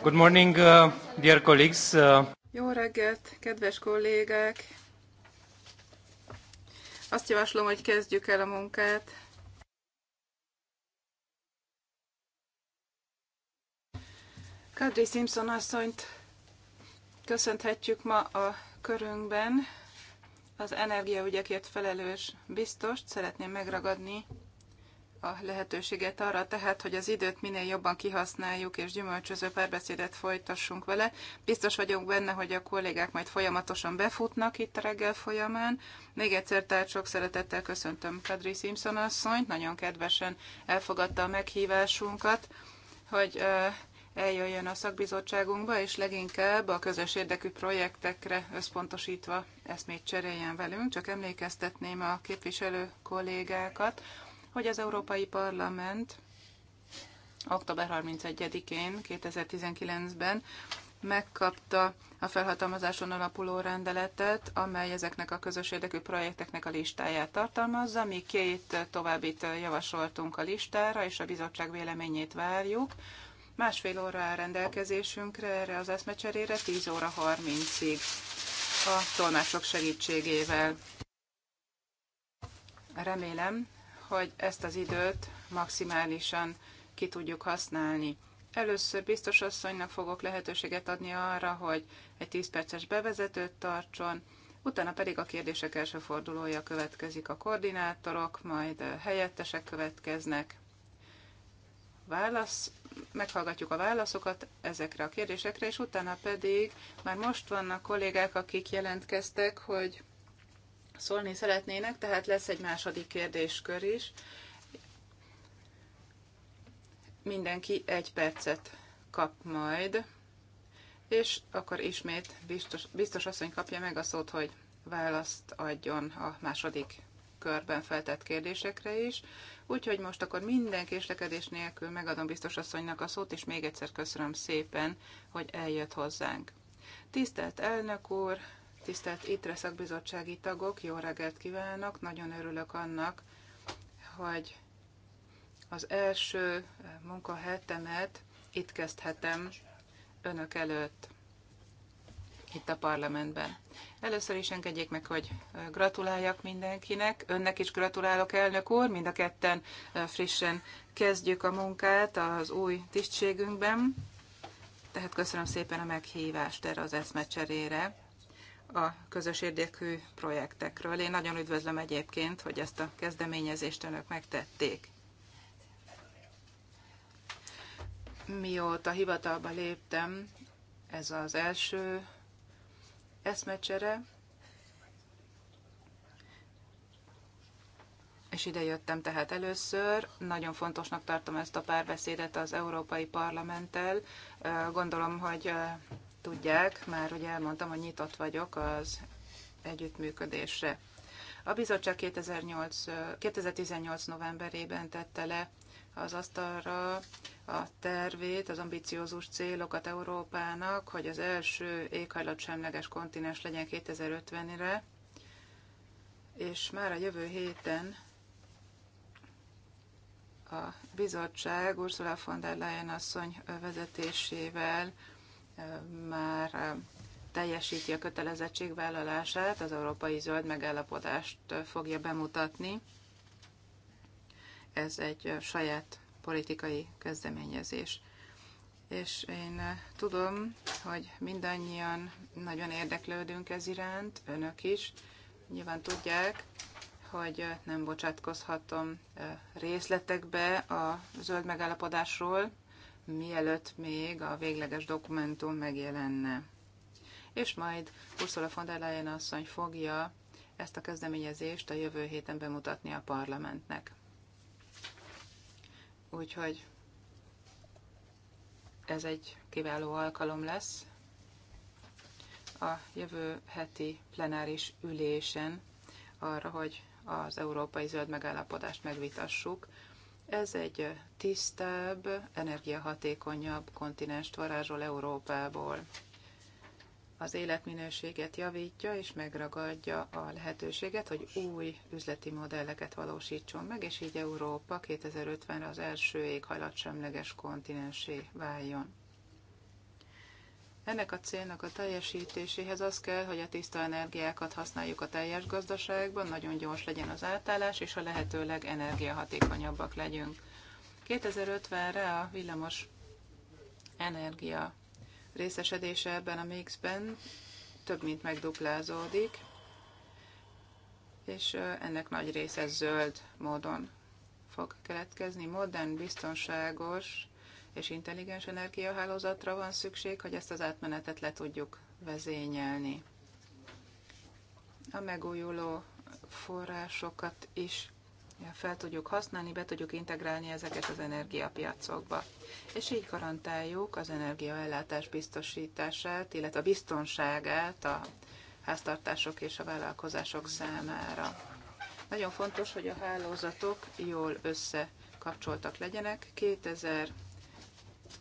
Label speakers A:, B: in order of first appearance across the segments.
A: Good morning, uh, dear colleagues. Uh... Jó reggelt, kedves kollégák! Azt javaslom, hogy kezdjük el a munkát. Kadri Simpson asszonyt köszönhetjük ma a körünkben. Az energiaügyekért felelős biztost szeretném megragadni a lehetőséget arra, tehát, hogy az időt minél jobban kihasználjuk és gyümölcsöző párbeszédet folytassunk vele. Biztos vagyok benne, hogy a kollégák majd folyamatosan befutnak itt a reggel folyamán. Még egyszer tehát sok szeretettel köszöntöm Kadri Simpson asszonyt, nagyon kedvesen elfogadta a meghívásunkat, hogy eljöjjön a szakbizottságunkba, és leginkább a közös érdekű projektekre összpontosítva eszmét cseréljen velünk. Csak emlékeztetném a képviselő kollégákat, hogy az Európai Parlament október 31-én 2019-ben megkapta a felhatalmazáson alapuló rendeletet, amely ezeknek a közös érdekű projekteknek a listáját tartalmazza. Mi két továbbit javasoltunk a listára, és a bizottság véleményét várjuk. Másfél óra áll rendelkezésünkre erre az eszmecserére, 10 óra 30-ig a tolmácsok segítségével. Remélem, hogy ezt az időt maximálisan ki tudjuk használni. Először biztos asszonynak fogok lehetőséget adni arra, hogy egy 10 perces bevezetőt tartson, utána pedig a kérdések első fordulója következik a koordinátorok, majd helyettesek következnek. Válasz, meghallgatjuk a válaszokat ezekre a kérdésekre, és utána pedig már most vannak kollégák, akik jelentkeztek, hogy szólni szeretnének, tehát lesz egy második kérdéskör is. Mindenki egy percet kap majd, és akkor ismét biztos, biztos asszony kapja meg a szót, hogy választ adjon a második körben feltett kérdésekre is. Úgyhogy most akkor minden késlekedés nélkül megadom biztos asszonynak a szót, és még egyszer köszönöm szépen, hogy eljött hozzánk. Tisztelt elnök úr, Tisztelt ITRE szakbizottsági tagok, jó reggelt kívánok! Nagyon örülök annak, hogy az első eh, munkahetemet itt kezdhetem önök előtt, itt a parlamentben. Először is engedjék meg, hogy eh, gratuláljak mindenkinek. Önnek is gratulálok, elnök úr. Mind a ketten eh, frissen kezdjük a munkát az új tisztségünkben. Tehát köszönöm szépen a meghívást erre az eszmecserére a közös érdekű projektekről. Én nagyon üdvözlöm egyébként, hogy ezt a kezdeményezést önök megtették. Mióta hivatalba léptem, ez az első eszmecsere, és ide jöttem tehát először. Nagyon fontosnak tartom ezt a párbeszédet az Európai Parlamenttel. Gondolom, hogy tudják, már hogy elmondtam, hogy nyitott vagyok az együttműködésre. A bizottság 2008, 2018 novemberében tette le az asztalra a tervét, az ambiciózus célokat Európának, hogy az első éghajlatsemleges kontinens legyen 2050-re, és már a jövő héten a bizottság Ursula von der Leyen asszony vezetésével már teljesíti a kötelezettségvállalását, az Európai Zöld Megállapodást fogja bemutatni. Ez egy saját politikai kezdeményezés. És én tudom, hogy mindannyian nagyon érdeklődünk ez iránt, önök is. Nyilván tudják, hogy nem bocsátkozhatom részletekbe a zöld megállapodásról, mielőtt még a végleges dokumentum megjelenne. És majd Ursula von der Leyen asszony fogja ezt a kezdeményezést a jövő héten bemutatni a parlamentnek. Úgyhogy ez egy kiváló alkalom lesz a jövő heti plenáris ülésen arra, hogy az európai zöld megállapodást megvitassuk, ez egy tisztább, energiahatékonyabb kontinenst varázsol Európából. Az életminőséget javítja és megragadja a lehetőséget, hogy új üzleti modelleket valósítson meg, és így Európa 2050-re az első éghajlatsemleges kontinensé váljon. Ennek a célnak a teljesítéséhez az kell, hogy a tiszta energiákat használjuk a teljes gazdaságban, nagyon gyors legyen az átállás, és a lehetőleg energiahatékonyabbak legyünk. 2050-re a villamos energia részesedése ebben a mixben több mint megduplázódik, és ennek nagy része zöld módon fog keletkezni. Modern, biztonságos és intelligens energiahálózatra van szükség, hogy ezt az átmenetet le tudjuk vezényelni. A megújuló forrásokat is fel tudjuk használni, be tudjuk integrálni ezeket az energiapiacokba. És így garantáljuk az energiaellátás biztosítását, illetve a biztonságát a háztartások és a vállalkozások számára. Nagyon fontos, hogy a hálózatok jól összekapcsoltak legyenek. 2000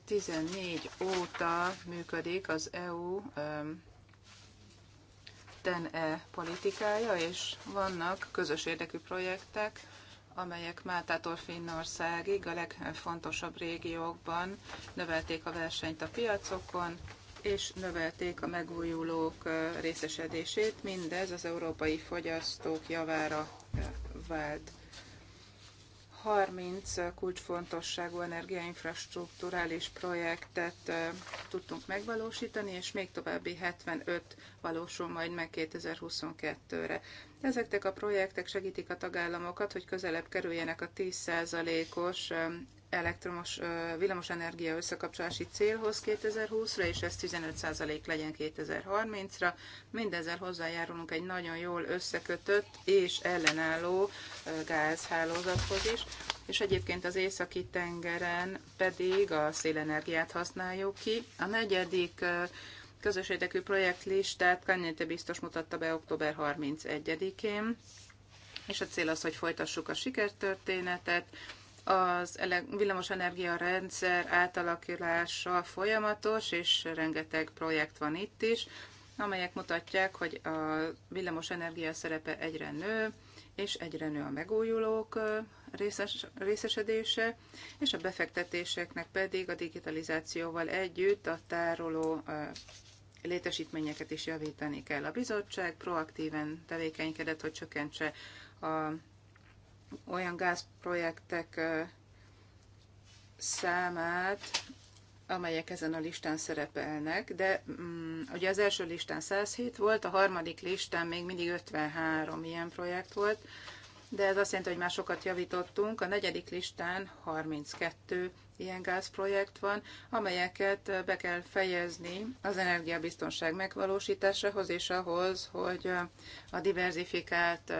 A: 2014 óta működik az EU TEN-E politikája, és vannak közös érdekű projektek, amelyek Máltától Finnországig a legfontosabb régiókban növelték a versenyt a piacokon, és növelték a megújulók részesedését, mindez az európai fogyasztók javára vált. 30 kulcsfontosságú energiainfrastruktúrális projektet tudtunk megvalósítani, és még további 75 valósul majd meg 2022-re. Ezeknek a projektek segítik a tagállamokat, hogy közelebb kerüljenek a 10%-os elektromos villamosenergia összekapcsolási célhoz 2020-ra, és ez 15% legyen 2030-ra. Mindezzel hozzájárulunk egy nagyon jól összekötött és ellenálló gázhálózathoz is, és egyébként az északi tengeren pedig a szélenergiát használjuk ki. A negyedik közös érdekű projektlistát Kanyete biztos mutatta be október 31-én, és a cél az, hogy folytassuk a sikertörténetet, az villamosenergia rendszer átalakulása folyamatos, és rengeteg projekt van itt is, amelyek mutatják, hogy a villamosenergia szerepe egyre nő, és egyre nő a megújulók részes, részesedése, és a befektetéseknek pedig a digitalizációval együtt a tároló létesítményeket is javítani kell. A bizottság proaktíven tevékenykedett, hogy csökkentse a, olyan gázprojektek számát, amelyek ezen a listán szerepelnek, de mm, ugye az első listán 107 volt, a harmadik listán még mindig 53 ilyen projekt volt, de ez azt jelenti, hogy már sokat javítottunk, a negyedik listán 32 ilyen gázprojekt van, amelyeket be kell fejezni az energiabiztonság megvalósításához, és ahhoz, hogy a diversifikált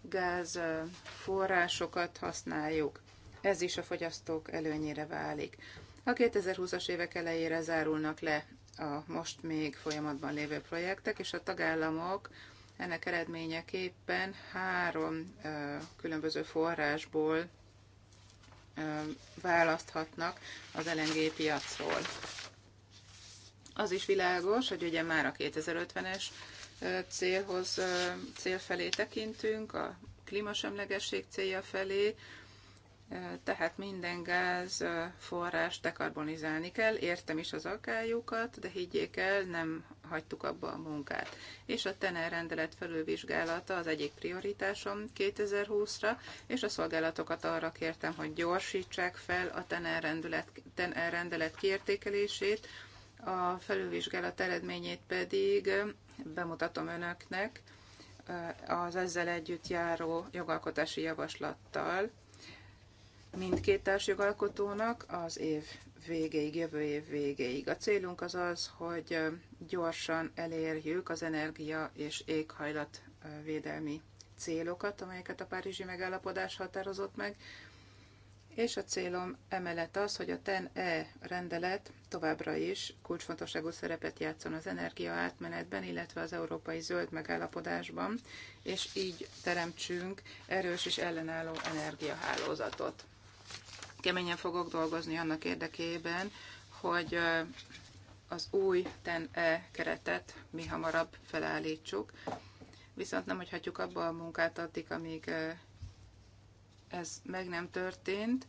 A: gázforrásokat használjuk. Ez is a fogyasztók előnyére válik. A 2020-as évek elejére zárulnak le a most még folyamatban lévő projektek, és a tagállamok ennek eredményeképpen három különböző forrásból választhatnak az LNG piacról. Az is világos, hogy ugye már a 2050-es célhoz, cél felé tekintünk, a klímasemlegesség célja felé, tehát minden gáz forrás dekarbonizálni kell, értem is az akályukat, de higgyék el, nem hagytuk abba a munkát. És a TENEL rendelet felülvizsgálata az egyik prioritásom 2020-ra, és a szolgálatokat arra kértem, hogy gyorsítsák fel a TENEL rendelet, TENEL rendelet kiértékelését, a felülvizsgálat eredményét pedig bemutatom önöknek az ezzel együtt járó jogalkotási javaslattal mindkét társjogalkotónak az év végéig, jövő év végéig. A célunk az az, hogy gyorsan elérjük az energia és éghajlat védelmi célokat, amelyeket a Párizsi megállapodás határozott meg, és a célom emellett az, hogy a TEN-E rendelet továbbra is kulcsfontosságú szerepet játszon az energia átmenetben, illetve az európai zöld megállapodásban, és így teremtsünk erős és ellenálló energiahálózatot keményen fogok dolgozni annak érdekében, hogy az új TEN-E keretet mi hamarabb felállítsuk, viszont nem hagyhatjuk abba a munkát addig, amíg ez meg nem történt,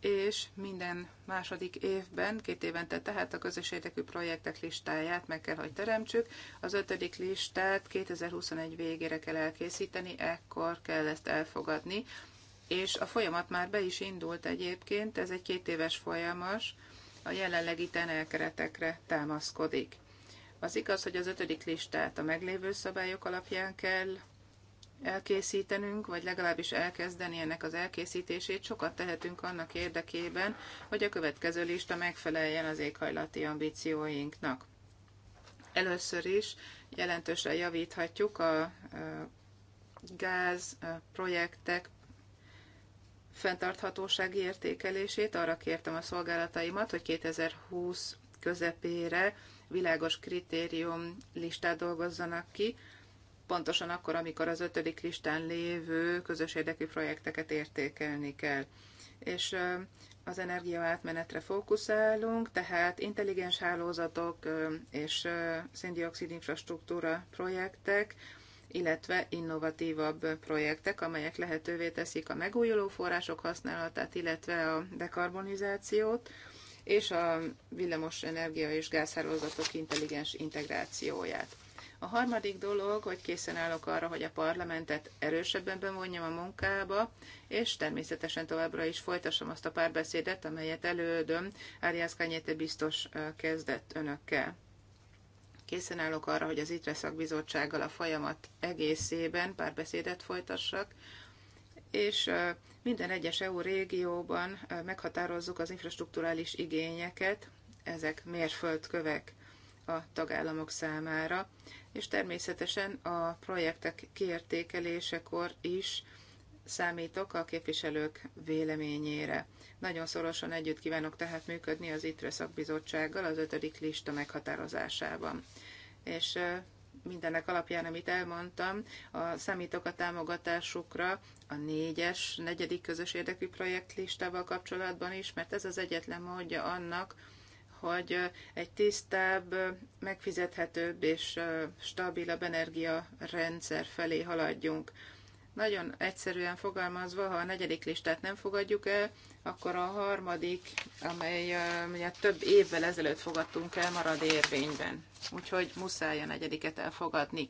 A: és minden második évben, két évente tehát a közös érdekű projektek listáját meg kell, hogy teremtsük. Az ötödik listát 2021 végére kell elkészíteni, ekkor kell ezt elfogadni, és a folyamat már be is indult egyébként, ez egy két éves folyamas, a jelenlegi tenelkeretekre támaszkodik. Az igaz, hogy az ötödik listát a meglévő szabályok alapján kell elkészítenünk, vagy legalábbis elkezdeni ennek az elkészítését, sokat tehetünk annak érdekében, hogy a következő lista megfeleljen az éghajlati ambícióinknak. Először is jelentősen javíthatjuk a gáz projektek fenntarthatósági értékelését. Arra kértem a szolgálataimat, hogy 2020 közepére világos kritérium listát dolgozzanak ki, pontosan akkor, amikor az ötödik listán lévő közös érdekű projekteket értékelni kell. És az energiaátmenetre fókuszálunk, tehát intelligens hálózatok és széndiokszid infrastruktúra projektek, illetve innovatívabb projektek, amelyek lehetővé teszik a megújuló források használatát, illetve a dekarbonizációt, és a villamos energia és gázhálózatok intelligens integrációját. A harmadik dolog, hogy készen állok arra, hogy a parlamentet erősebben bevonjam a munkába, és természetesen továbbra is folytassam azt a párbeszédet, amelyet elődöm Arias Kanyete biztos kezdett önökkel. Készen állok arra, hogy az ITRE szakbizottsággal a folyamat egészében párbeszédet folytassak, és minden egyes EU régióban meghatározzuk az infrastruktúrális igényeket, ezek mérföldkövek a tagállamok számára, és természetesen a projektek kiértékelésekor is számítok a képviselők véleményére. Nagyon szorosan együtt kívánok tehát működni az ITRE szakbizottsággal az ötödik lista meghatározásában. És mindennek alapján, amit elmondtam, a számítok a támogatásukra a négyes, negyedik közös érdekű projektlistával kapcsolatban is, mert ez az egyetlen módja annak, hogy egy tisztább, megfizethetőbb és stabilabb energiarendszer felé haladjunk. Nagyon egyszerűen fogalmazva, ha a negyedik listát nem fogadjuk el, akkor a harmadik, amely ugye, több évvel ezelőtt fogadtunk el, marad érvényben. Úgyhogy muszáj a negyediket elfogadni.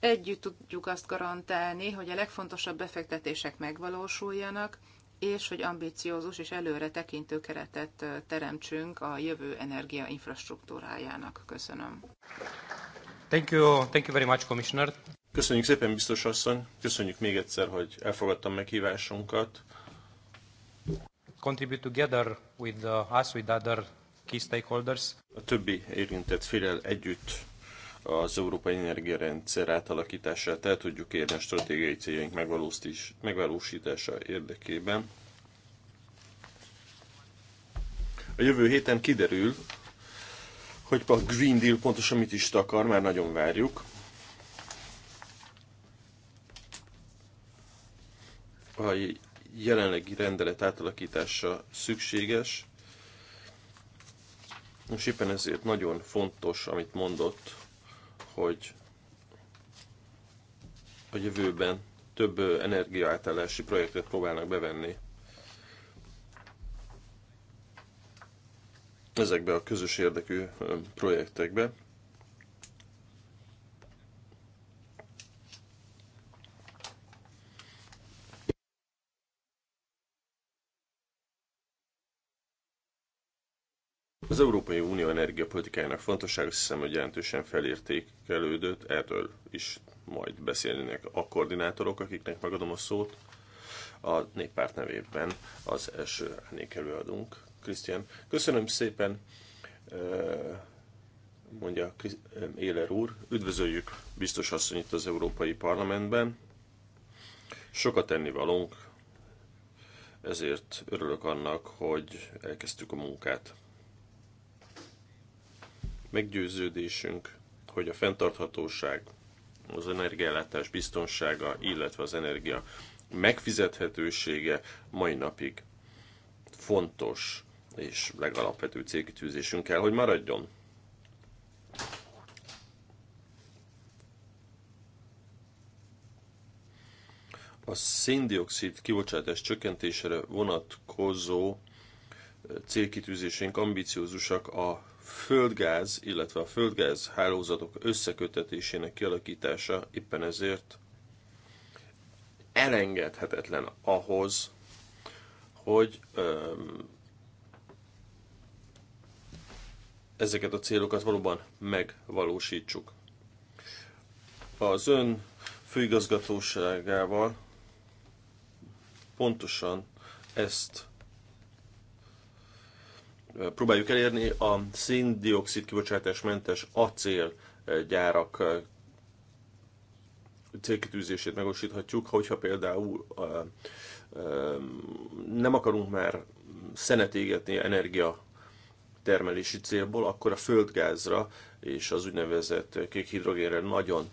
A: Együtt tudjuk azt garantálni, hogy a legfontosabb befektetések megvalósuljanak, és hogy ambiciózus és előre tekintő keretet teremtsünk a jövő energia infrastruktúrájának. Köszönöm. Thank you, thank you very much,
B: Commissioner. Köszönjük szépen, biztos asszony. Köszönjük még egyszer, hogy elfogadtam meghívásunkat.
A: Contribute together with the, uh, us, with other key stakeholders.
B: A többi érintett félel együtt az európai energiarendszer átalakítását el tudjuk érni a stratégiai céljaink megvalósítása érdekében. A jövő héten kiderül, hogy a Green Deal pontosan mit is takar, már nagyon várjuk. a jelenlegi rendelet átalakítása szükséges, és éppen ezért nagyon fontos, amit mondott, hogy a jövőben több energiaátállási projektet próbálnak bevenni ezekbe a közös érdekű projektekbe. Az Európai Unió energiapolitikájának fontossága azt hiszem, hogy jelentősen felértékelődött, erről is majd beszélnének a koordinátorok, akiknek megadom a szót. A néppárt nevében az első előadunk, Krisztián. Köszönöm szépen, mondja Éler úr. Üdvözöljük biztos asszony itt az Európai Parlamentben. Sokat tennivalónk, ezért örülök annak, hogy elkezdtük a munkát Meggyőződésünk, hogy a fenntarthatóság, az energiállátás biztonsága, illetve az energia megfizethetősége mai napig fontos és legalapvető célkitűzésünk kell, hogy maradjon. A széndiokszid kibocsátás csökkentésére vonatkozó célkitűzésénk ambiciózusak a földgáz, illetve a földgáz hálózatok összekötetésének kialakítása éppen ezért elengedhetetlen ahhoz, hogy öm, ezeket a célokat valóban megvalósítsuk. Az ön főigazgatóságával pontosan ezt próbáljuk elérni a széndiokszid kibocsátásmentes eh, gyárak eh, célkitűzését megosíthatjuk, hogyha például eh, nem akarunk már szenet égetni energia termelési célból, akkor a földgázra és az úgynevezett kék hidrogénre nagyon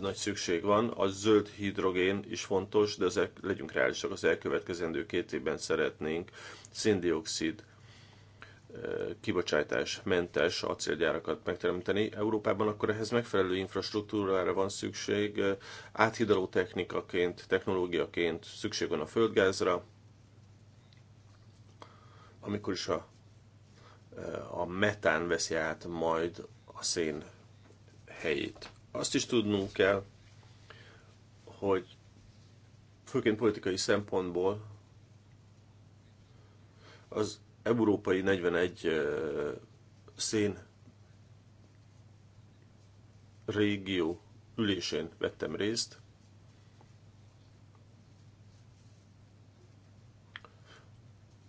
B: nagy szükség van. A zöld hidrogén is fontos, de ezek legyünk reálisak, az elkövetkezendő két évben szeretnénk széndiokszid kibocsátás mentes acélgyárakat megteremteni Európában, akkor ehhez megfelelő infrastruktúrára van szükség, áthidaló technikaként, technológiaként szükség van a földgázra, amikor is a, a metán veszi át majd a szén helyét. Azt is tudnunk kell, hogy főként politikai szempontból az európai 41 szén régió ülésén vettem részt.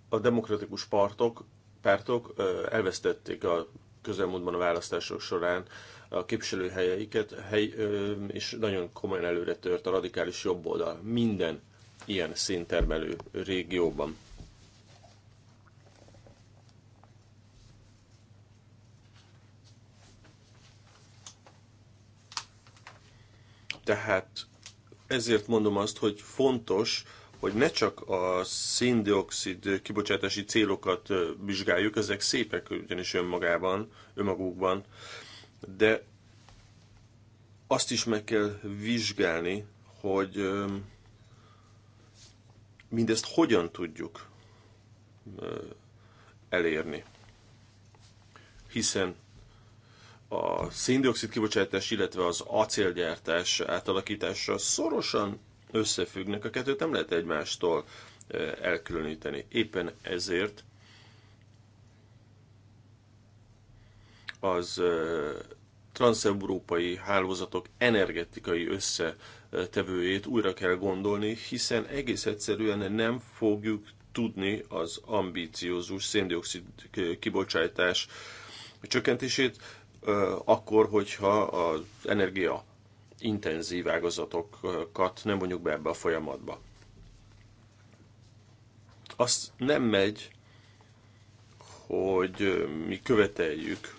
B: A demokratikus pártok, pártok elvesztették a közelmúltban a választások során a képviselőhelyeiket, hely, és nagyon komolyan előre tört a radikális jobboldal minden ilyen színtermelő régióban. Tehát ezért mondom azt, hogy fontos, hogy ne csak a széndiokszid kibocsátási célokat vizsgáljuk, ezek szépek ugyanis önmagában, önmagukban, de azt is meg kell vizsgálni, hogy mindezt hogyan tudjuk elérni. Hiszen a széndiokszid kibocsátás, illetve az acélgyártás átalakítása szorosan összefüggnek, a kettőt nem lehet egymástól elkülöníteni. Éppen ezért az transeurópai hálózatok energetikai összetevőjét újra kell gondolni, hiszen egész egyszerűen nem fogjuk tudni az ambíciózus széndiokszid kibocsátás csökkentését, akkor, hogyha az energia intenzív ágazatokat nem vonjuk be ebbe a folyamatba. Azt nem megy hogy mi követeljük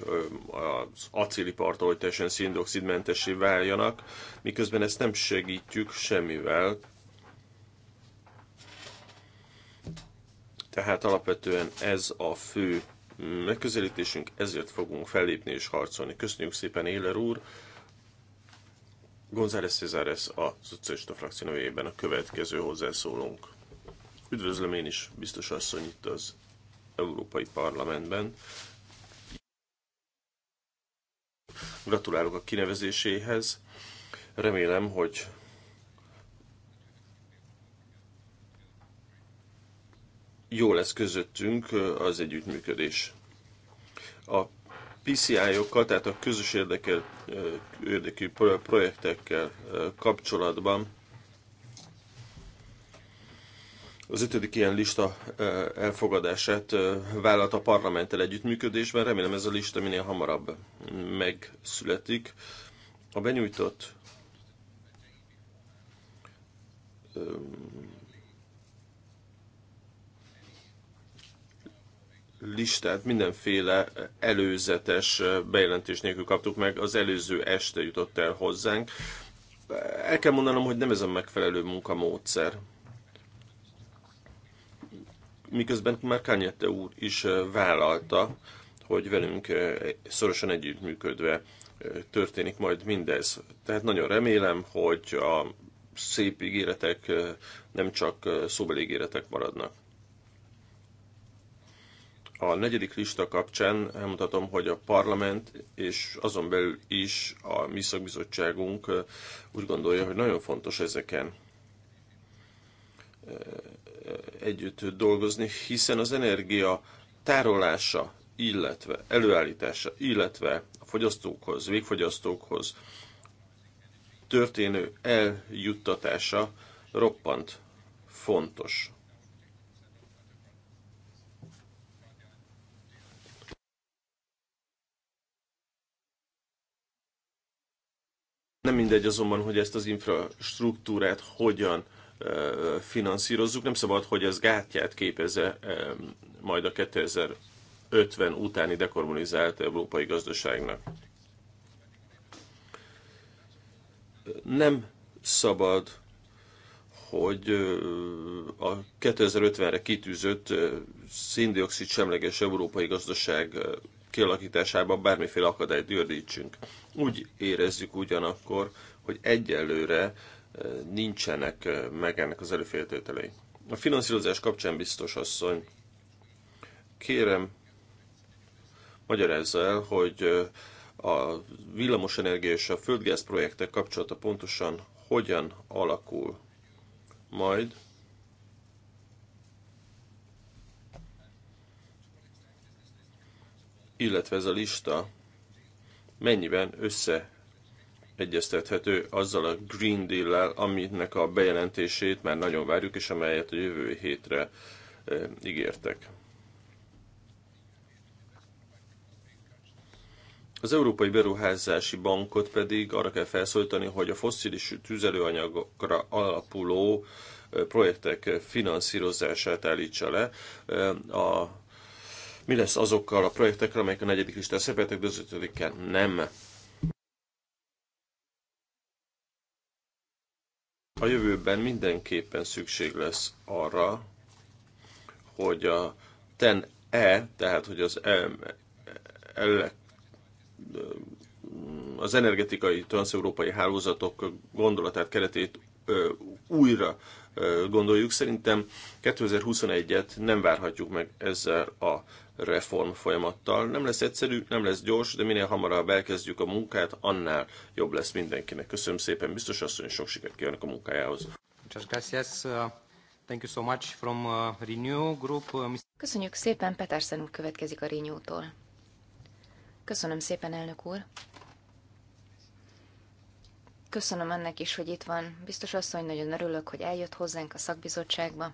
B: az acélipart, hogy teljesen széndiokszidmentesé váljanak, miközben ezt nem segítjük semmivel. Tehát alapvetően ez a fő megközelítésünk, ezért fogunk fellépni és harcolni. Köszönjük szépen, Éler úr! González Cezáres a szocialista frakció nevében a következő hozzászólunk. Üdvözlöm én is, biztos asszony itt az Európai Parlamentben. Gratulálok a kinevezéséhez. Remélem, hogy jó lesz közöttünk az együttműködés. A PCI-okkal, tehát a közös érdekel, érdekű projektekkel kapcsolatban az ötödik ilyen lista elfogadását vállalt a parlamenttel együttműködésben. Remélem ez a lista minél hamarabb megszületik. A benyújtott listát mindenféle előzetes bejelentés nélkül kaptuk meg, az előző este jutott el hozzánk. El kell mondanom, hogy nem ez a megfelelő munkamódszer miközben már Kanyete úr is vállalta, hogy velünk szorosan együttműködve történik majd mindez. Tehát nagyon remélem, hogy a szép ígéretek nem csak szóbeli ígéretek maradnak. A negyedik lista kapcsán elmutatom, hogy a parlament és azon belül is a mi szakbizottságunk úgy gondolja, hogy nagyon fontos ezeken együtt dolgozni, hiszen az energia tárolása, illetve előállítása, illetve a fogyasztókhoz, végfogyasztókhoz történő eljuttatása roppant fontos. Nem mindegy azonban, hogy ezt az infrastruktúrát hogyan finanszírozzuk. Nem szabad, hogy ez gátját képeze majd a 2050 utáni dekarbonizált európai gazdaságnak. Nem szabad, hogy a 2050-re kitűzött szindioxid semleges európai gazdaság kialakításában bármiféle akadályt györdítsünk. Úgy érezzük ugyanakkor, hogy egyelőre nincsenek meg ennek az előféltételei. A finanszírozás kapcsán biztos asszony, kérem, magyarázza el, hogy a villamosenergia és a földgáz projektek kapcsolata pontosan hogyan alakul majd, illetve ez a lista mennyiben össze egyeztethető azzal a Green Deal-lel, aminek a bejelentését már nagyon várjuk, és amelyet a jövő hétre eh, ígértek. Az Európai Beruházási Bankot pedig arra kell felszólítani, hogy a foszilis tüzelőanyagokra alapuló eh, projektek finanszírozását állítsa le. Eh, a, mi lesz azokkal a projektekkel, amelyek a negyedik listán szerepeltek, de ötödikkel nem A jövőben mindenképpen szükség lesz arra, hogy a TEN-E, tehát hogy az el, az energetikai transzeurópai hálózatok gondolatát, keretét újra gondoljuk. Szerintem 2021-et nem várhatjuk meg ezzel a reform folyamattal. Nem lesz egyszerű, nem lesz gyors, de minél hamarabb elkezdjük a munkát, annál jobb lesz mindenkinek. Köszönöm szépen, biztos asszony, sok sikert kívánok a munkájához.
C: Köszönjük szépen, Petersen úr következik a Renew-tól. Köszönöm szépen, elnök úr. Köszönöm ennek is, hogy itt van. Biztos asszony, nagyon örülök, hogy eljött hozzánk a szakbizottságba,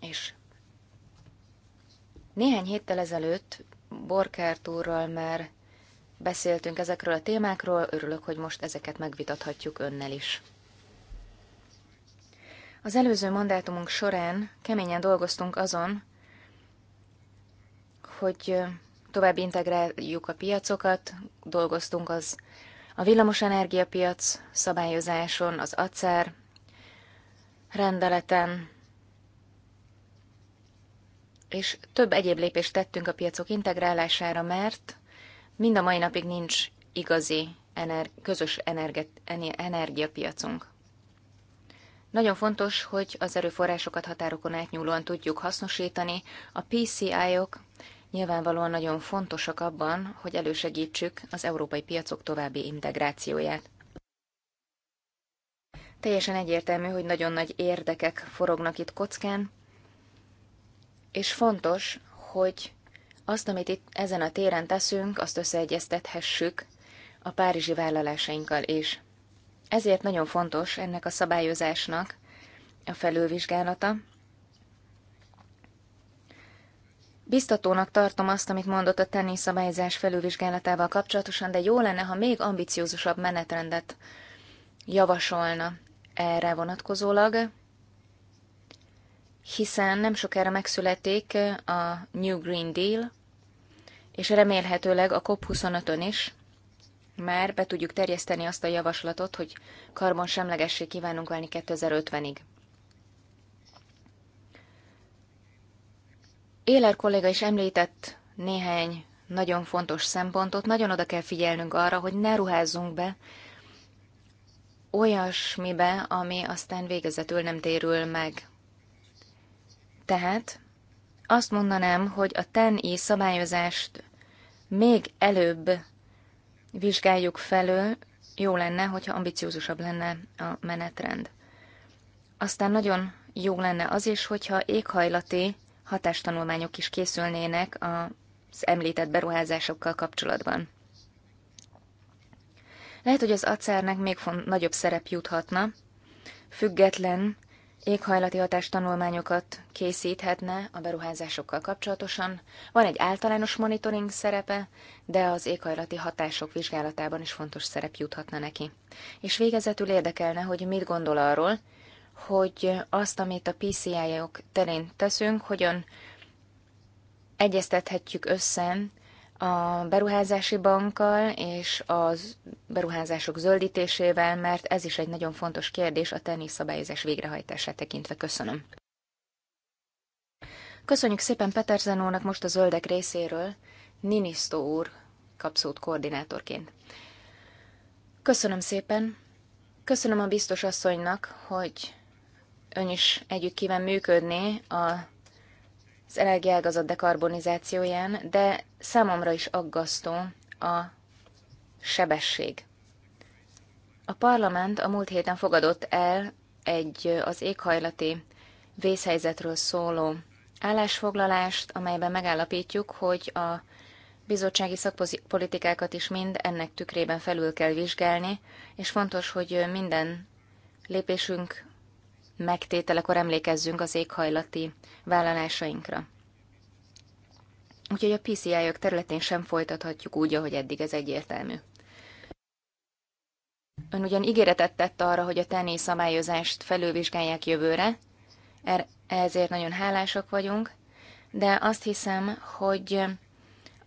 C: és néhány héttel ezelőtt Borkert úrral már beszéltünk ezekről a témákról, örülök, hogy most ezeket megvitathatjuk önnel is. Az előző mandátumunk során keményen dolgoztunk azon, hogy tovább integráljuk a piacokat, dolgoztunk az a villamosenergiapiac szabályozáson, az ACER rendeleten, és több egyéb lépést tettünk a piacok integrálására, mert mind a mai napig nincs igazi ener- közös energet- energiapiacunk. Nagyon fontos, hogy az erőforrásokat határokon átnyúlóan tudjuk hasznosítani. A PCI-ok -ok nyilvánvalóan nagyon fontosak abban, hogy elősegítsük az európai piacok további integrációját. Teljesen egyértelmű, hogy nagyon nagy érdekek forognak itt kockán, és fontos, hogy azt, amit itt ezen a téren teszünk, azt összeegyeztethessük a párizsi vállalásainkkal is. Ezért nagyon fontos ennek a szabályozásnak a felülvizsgálata. Biztatónak tartom azt, amit mondott a tennis szabályozás felülvizsgálatával kapcsolatosan, de jó lenne, ha még ambiciózusabb menetrendet javasolna erre vonatkozólag hiszen nem sokára megszületik a New Green Deal, és remélhetőleg a COP25-ön is már be tudjuk terjeszteni azt a javaslatot, hogy karbonsemlegessé kívánunk válni 2050-ig. Éler kolléga is említett néhány nagyon fontos szempontot. Nagyon oda kell figyelnünk arra, hogy ne ruházzunk be olyasmibe, ami aztán végezetül nem térül meg. Tehát azt mondanám, hogy a TEN-i szabályozást még előbb vizsgáljuk felől, jó lenne, hogyha ambiciózusabb lenne a menetrend. Aztán nagyon jó lenne az is, hogyha éghajlati hatástanulmányok is készülnének az említett beruházásokkal kapcsolatban. Lehet, hogy az acernek még nagyobb szerep juthatna, független éghajlati hatástanulmányokat készíthetne a beruházásokkal kapcsolatosan. Van egy általános monitoring szerepe, de az éghajlati hatások vizsgálatában is fontos szerep juthatna neki. És végezetül érdekelne, hogy mit gondol arról, hogy azt, amit a PCI-ok -ok terén teszünk, hogyan egyeztethetjük össze a beruházási bankkal és a beruházások zöldítésével, mert ez is egy nagyon fontos kérdés a tenisz szabályozás végrehajtását tekintve. Köszönöm. Köszönjük szépen Peterzenónak most a zöldek részéről. Ninisztó úr kapszót koordinátorként. Köszönöm szépen. Köszönöm a biztos asszonynak, hogy ön is együtt kíván működni a az energiágazat dekarbonizációján, de számomra is aggasztó a sebesség. A parlament a múlt héten fogadott el egy az éghajlati vészhelyzetről szóló állásfoglalást, amelyben megállapítjuk, hogy a bizottsági szakpolitikákat is mind ennek tükrében felül kell vizsgálni, és fontos, hogy minden lépésünk megtételekor emlékezzünk az éghajlati vállalásainkra. Úgyhogy a PCI-ok területén sem folytathatjuk úgy, ahogy eddig ez egyértelmű. Ön ugyan ígéretet tett arra, hogy a tenni szabályozást felülvizsgálják jövőre, er- ezért nagyon hálásak vagyunk, de azt hiszem, hogy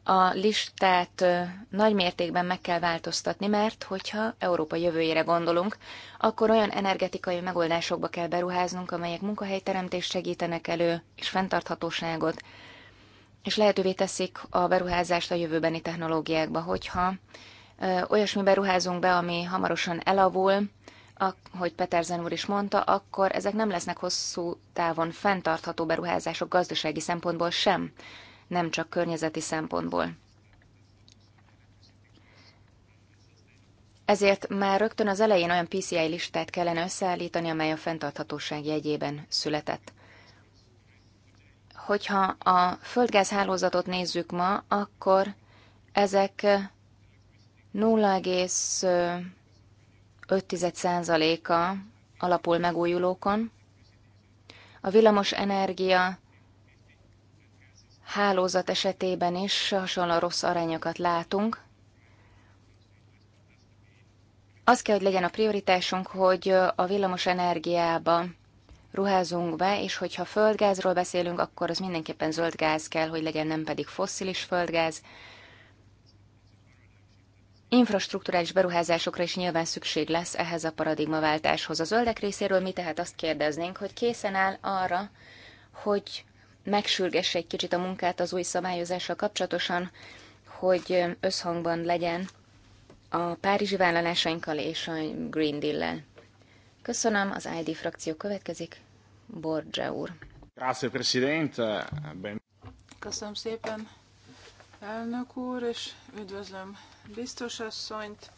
C: a listát nagy mértékben meg kell változtatni, mert hogyha Európa jövőjére gondolunk, akkor olyan energetikai megoldásokba kell beruháznunk, amelyek munkahelyteremtést segítenek elő, és fenntarthatóságot, és lehetővé teszik a beruházást a jövőbeni technológiákba. Hogyha olyasmi beruházunk be, ami hamarosan elavul, ahogy Peterzen úr is mondta, akkor ezek nem lesznek hosszú távon fenntartható beruházások gazdasági szempontból sem nem csak környezeti szempontból. Ezért már rögtön az elején olyan PCI listát kellene összeállítani, amely a fenntarthatóság jegyében született. Hogyha a földgáz hálózatot nézzük ma, akkor ezek 0,5%-a alapul megújulókon, a villamos energia hálózat esetében is hasonló rossz arányokat látunk. Az kell, hogy legyen a prioritásunk, hogy a villamos energiába ruházunk be, és hogyha földgázról beszélünk, akkor az mindenképpen zöld gáz kell, hogy legyen, nem pedig fosszilis földgáz. Infrastruktúrális beruházásokra is nyilván szükség lesz ehhez a paradigmaváltáshoz. A zöldek részéről mi tehát azt kérdeznénk, hogy készen áll arra, hogy megsürgesse egy kicsit a munkát az új szabályozással kapcsolatosan, hogy összhangban legyen a párizsi vállalásainkkal és a Green Deal-lel. Köszönöm, az ID frakció következik. Borgia úr. Köszönöm szépen,
A: elnök úr, és üdvözlöm biztos asszonyt.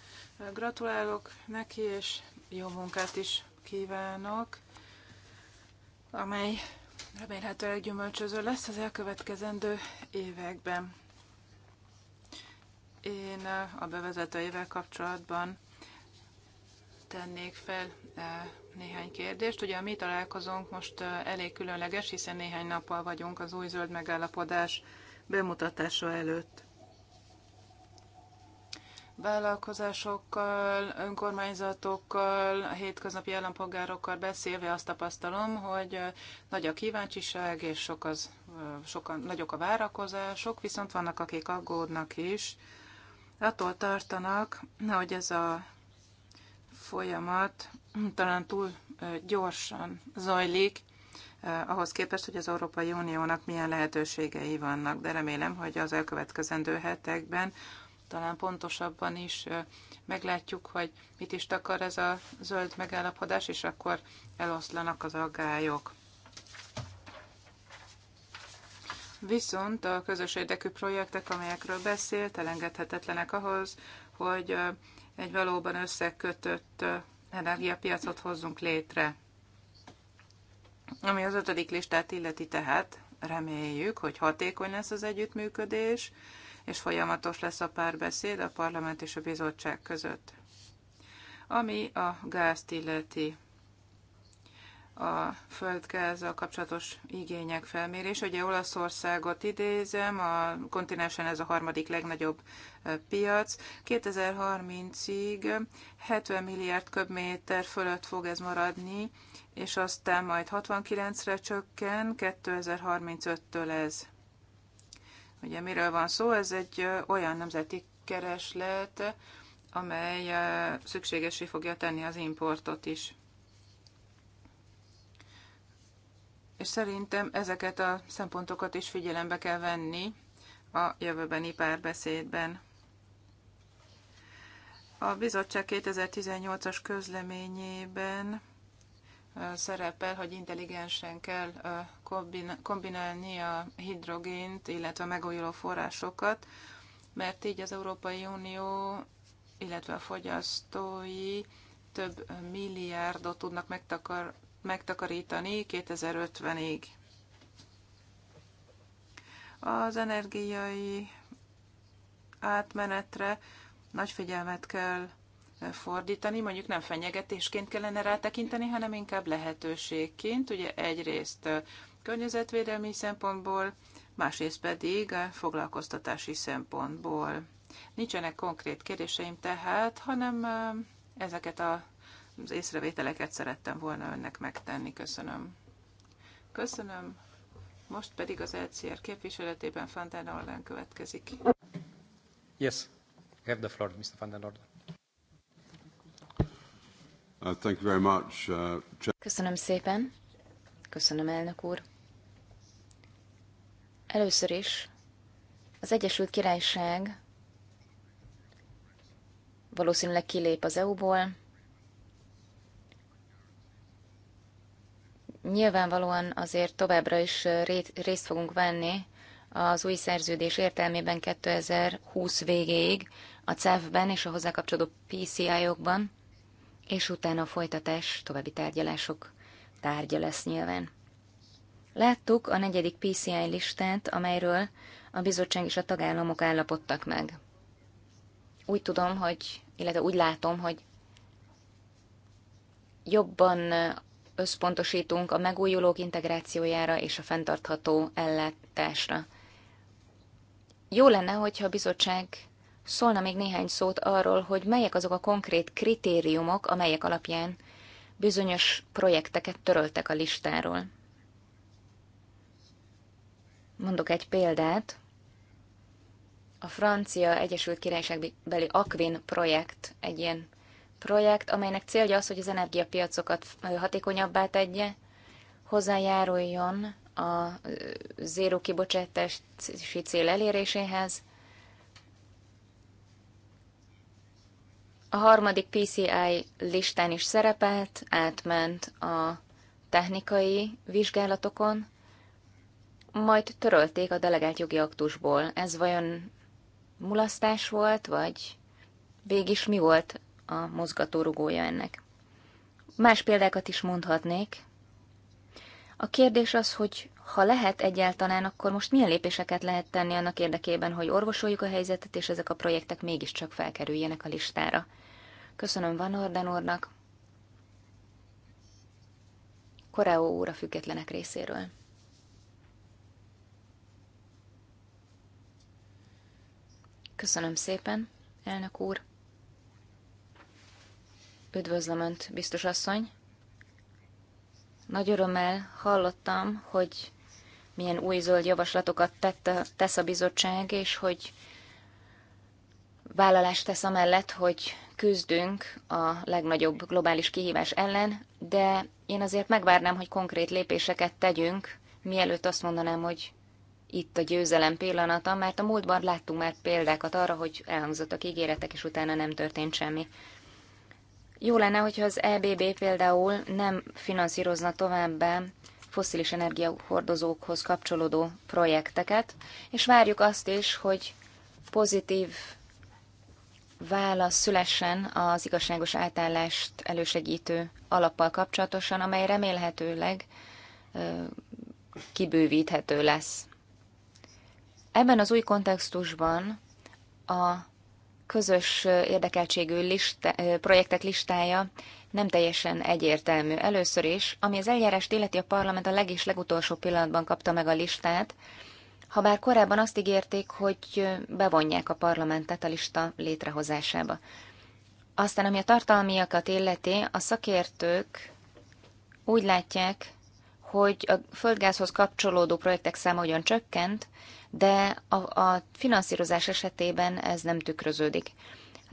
A: Gratulálok neki, és jó munkát is kívánok, amely remélhetőleg gyümölcsöző lesz az elkövetkezendő években. Én a bevezetőjével kapcsolatban tennék fel néhány kérdést. Ugye a mi találkozónk most elég különleges, hiszen néhány nappal vagyunk az új zöld megállapodás bemutatása előtt vállalkozásokkal, önkormányzatokkal, a hétköznapi állampolgárokkal beszélve azt tapasztalom, hogy nagy a kíváncsiság, és sok az, sokan, nagyok a várakozások, viszont vannak, akik aggódnak is. Attól tartanak, hogy ez a folyamat talán túl gyorsan zajlik, ahhoz képest, hogy az Európai Uniónak milyen lehetőségei vannak, de remélem, hogy az elkövetkezendő hetekben talán pontosabban is meglátjuk, hogy mit is takar ez a zöld megállapodás, és akkor eloszlanak az aggályok. Viszont a közös érdekű projektek, amelyekről beszélt, elengedhetetlenek ahhoz, hogy egy valóban összekötött energiapiacot hozzunk létre. Ami az ötödik listát illeti tehát, reméljük, hogy hatékony lesz az együttműködés, és folyamatos lesz a párbeszéd a parlament és a bizottság között. Ami a gázt illeti, a földgázzal kapcsolatos igények felmérés. Ugye Olaszországot idézem, a kontinensen ez a harmadik legnagyobb piac. 2030-ig 70 milliárd köbméter fölött fog ez maradni, és aztán majd 69-re csökken, 2035-től ez Ugye miről van szó? Ez egy olyan nemzeti kereslet, amely szükségesé fogja tenni az importot is. És szerintem ezeket a szempontokat is figyelembe kell venni a jövőbeni párbeszédben. A bizottság 2018-as közleményében szerepel, hogy intelligensen kell kombinálni a hidrogént, illetve a megújuló forrásokat, mert így az Európai Unió, illetve a fogyasztói több milliárdot tudnak megtakar, megtakarítani 2050-ig. Az energiai átmenetre nagy figyelmet kell fordítani, mondjuk nem fenyegetésként kellene rátekinteni, hanem inkább lehetőségként, ugye egyrészt környezetvédelmi szempontból, másrészt pedig foglalkoztatási szempontból. Nincsenek konkrét kérdéseim tehát, hanem ezeket a, az észrevételeket szerettem volna önnek megtenni. Köszönöm. Köszönöm. Most pedig az LCR e képviseletében Van den Orden következik. Yes, have the floor, Mr. Van den Orden.
B: Uh, uh,
C: Köszönöm szépen. Köszönöm, elnök úr. Először is az Egyesült Királyság valószínűleg kilép az EU-ból. Nyilvánvalóan azért továbbra is részt fogunk venni az új szerződés értelmében 2020 végéig a CEF-ben és a hozzá kapcsolódó PCI-okban és utána a folytatás, további tárgyalások tárgya lesz nyilván. Láttuk a negyedik PCI listát, amelyről a bizottság és a tagállamok állapodtak meg. Úgy tudom, hogy, illetve úgy látom, hogy jobban összpontosítunk a megújulók integrációjára és a fenntartható ellátásra. Jó lenne, hogyha a bizottság szólna még néhány szót arról, hogy melyek azok a konkrét kritériumok, amelyek alapján bizonyos projekteket töröltek a listáról. Mondok egy példát. A francia Egyesült Királyságbeli Aquin projekt egy ilyen projekt, amelynek célja az, hogy az energiapiacokat hatékonyabbá tegye, hozzájáruljon a zéró kibocsátási cél eléréséhez, A harmadik PCI listán is szerepelt, átment a technikai vizsgálatokon, majd törölték a delegált jogi aktusból. Ez vajon mulasztás volt, vagy végig mi volt a mozgatórugója ennek? Más példákat is mondhatnék. A kérdés az, hogy ha lehet egyáltalán, akkor most milyen lépéseket lehet tenni annak érdekében, hogy orvosoljuk a helyzetet, és ezek a projektek mégiscsak felkerüljenek a listára. Köszönöm Van Orden úrnak. Koreó úr a függetlenek részéről. Köszönöm szépen, elnök úr. Üdvözlöm Önt, biztos asszony. Nagy örömmel hallottam, hogy milyen új zöld javaslatokat tett, tesz a bizottság, és hogy vállalást tesz amellett, hogy küzdünk a legnagyobb globális kihívás ellen, de én azért megvárnám, hogy konkrét lépéseket tegyünk, mielőtt azt mondanám, hogy itt a győzelem pillanata, mert a múltban láttunk már példákat arra, hogy elhangzottak ígéretek, és utána nem történt semmi. Jó lenne, hogyha az EBB például nem finanszírozna továbbá foszilis energiahordozókhoz kapcsolódó projekteket, és várjuk azt is, hogy pozitív válasz szülessen az igazságos átállást elősegítő alappal kapcsolatosan, amely remélhetőleg kibővíthető lesz. Ebben az új kontextusban a közös érdekeltségű lista, projektek listája nem teljesen egyértelmű. Először is, ami az eljárást illeti a parlament a leg és legutolsó pillanatban kapta meg a listát, habár korábban azt ígérték, hogy bevonják a parlamentet a lista létrehozásába. Aztán, ami a tartalmiakat illeti, a szakértők úgy látják, hogy a földgázhoz kapcsolódó projektek száma ugyan csökkent, de a, a finanszírozás esetében ez nem tükröződik.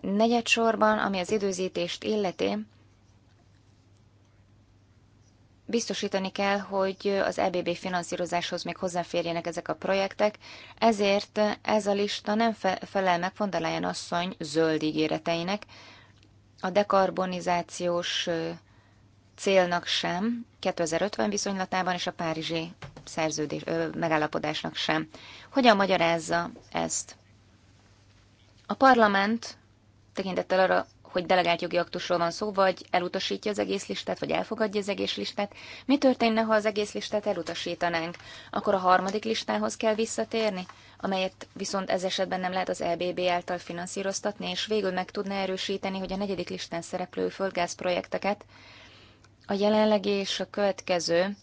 C: Negyedsorban, ami az időzítést illeti, Biztosítani kell, hogy az EBB finanszírozáshoz még hozzáférjenek ezek a projektek, ezért ez a lista nem felel meg von der Leyen asszony zöld ígéreteinek, a dekarbonizációs célnak sem, 2050 viszonylatában és a Párizsi szerződés, ö, megállapodásnak sem. Hogyan magyarázza ezt? A parlament tekintettel arra hogy delegált jogi aktusról van szó, vagy elutasítja az egész listát, vagy elfogadja az egész listát. Mi történne, ha az egész listát elutasítanánk? Akkor a harmadik listához kell visszatérni, amelyet viszont ez esetben nem lehet az EBB által finanszíroztatni, és végül meg tudna erősíteni, hogy a negyedik listán szereplő földgázprojekteket a jelenlegi és a következő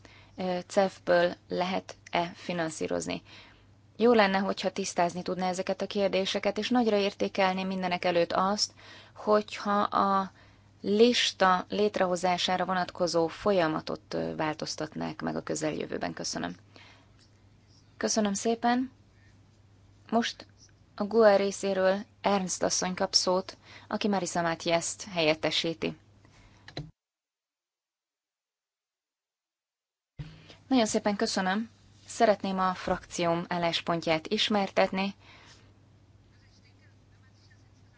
C: CEF-ből lehet-e finanszírozni. Jó lenne, hogyha tisztázni tudná ezeket a kérdéseket, és nagyra értékelném mindenek előtt azt, hogyha a lista létrehozására vonatkozó folyamatot változtatnák meg a közeljövőben. Köszönöm. Köszönöm szépen. Most a GUA részéről Ernst asszony kap szót, aki Marisa Mátyeszt helyettesíti. Nagyon szépen köszönöm. Szeretném a frakcióm álláspontját ismertetni.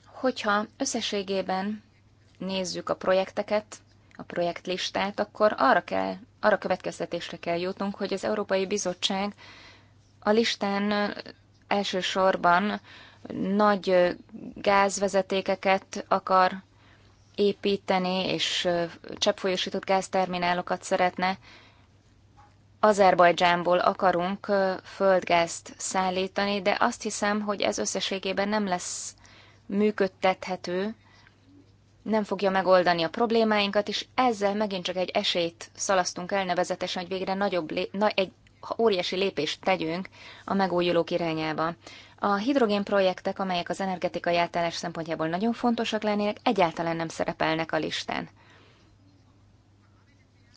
C: Hogyha összességében nézzük a projekteket, a projektlistát, akkor arra, kell, arra következtetésre kell jutnunk, hogy az Európai Bizottság a listán elsősorban nagy gázvezetékeket akar építeni, és cseppfolyósított gázterminálokat szeretne Azerbajdzsánból akarunk földgázt szállítani, de azt hiszem, hogy ez összességében nem lesz működtethető, nem fogja megoldani a problémáinkat, és ezzel megint csak egy esélyt szalasztunk el, nevezetesen, hogy végre nagyobb, na, egy óriási lépést tegyünk a megújulók irányába. A hidrogén projektek, amelyek az energetikai átállás szempontjából nagyon fontosak lennének, egyáltalán nem szerepelnek a listán.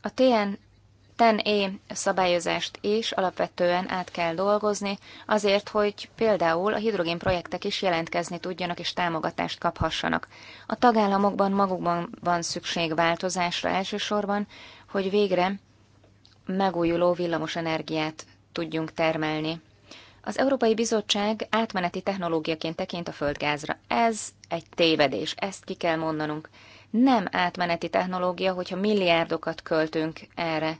C: A TN ten e szabályozást is alapvetően át kell dolgozni, azért, hogy például a hidrogén projektek is jelentkezni tudjanak és támogatást kaphassanak. A tagállamokban magukban van szükség változásra elsősorban, hogy végre megújuló villamosenergiát tudjunk termelni. Az Európai Bizottság átmeneti technológiaként tekint a földgázra. Ez egy tévedés, ezt ki kell mondanunk. Nem átmeneti technológia, hogyha milliárdokat költünk erre.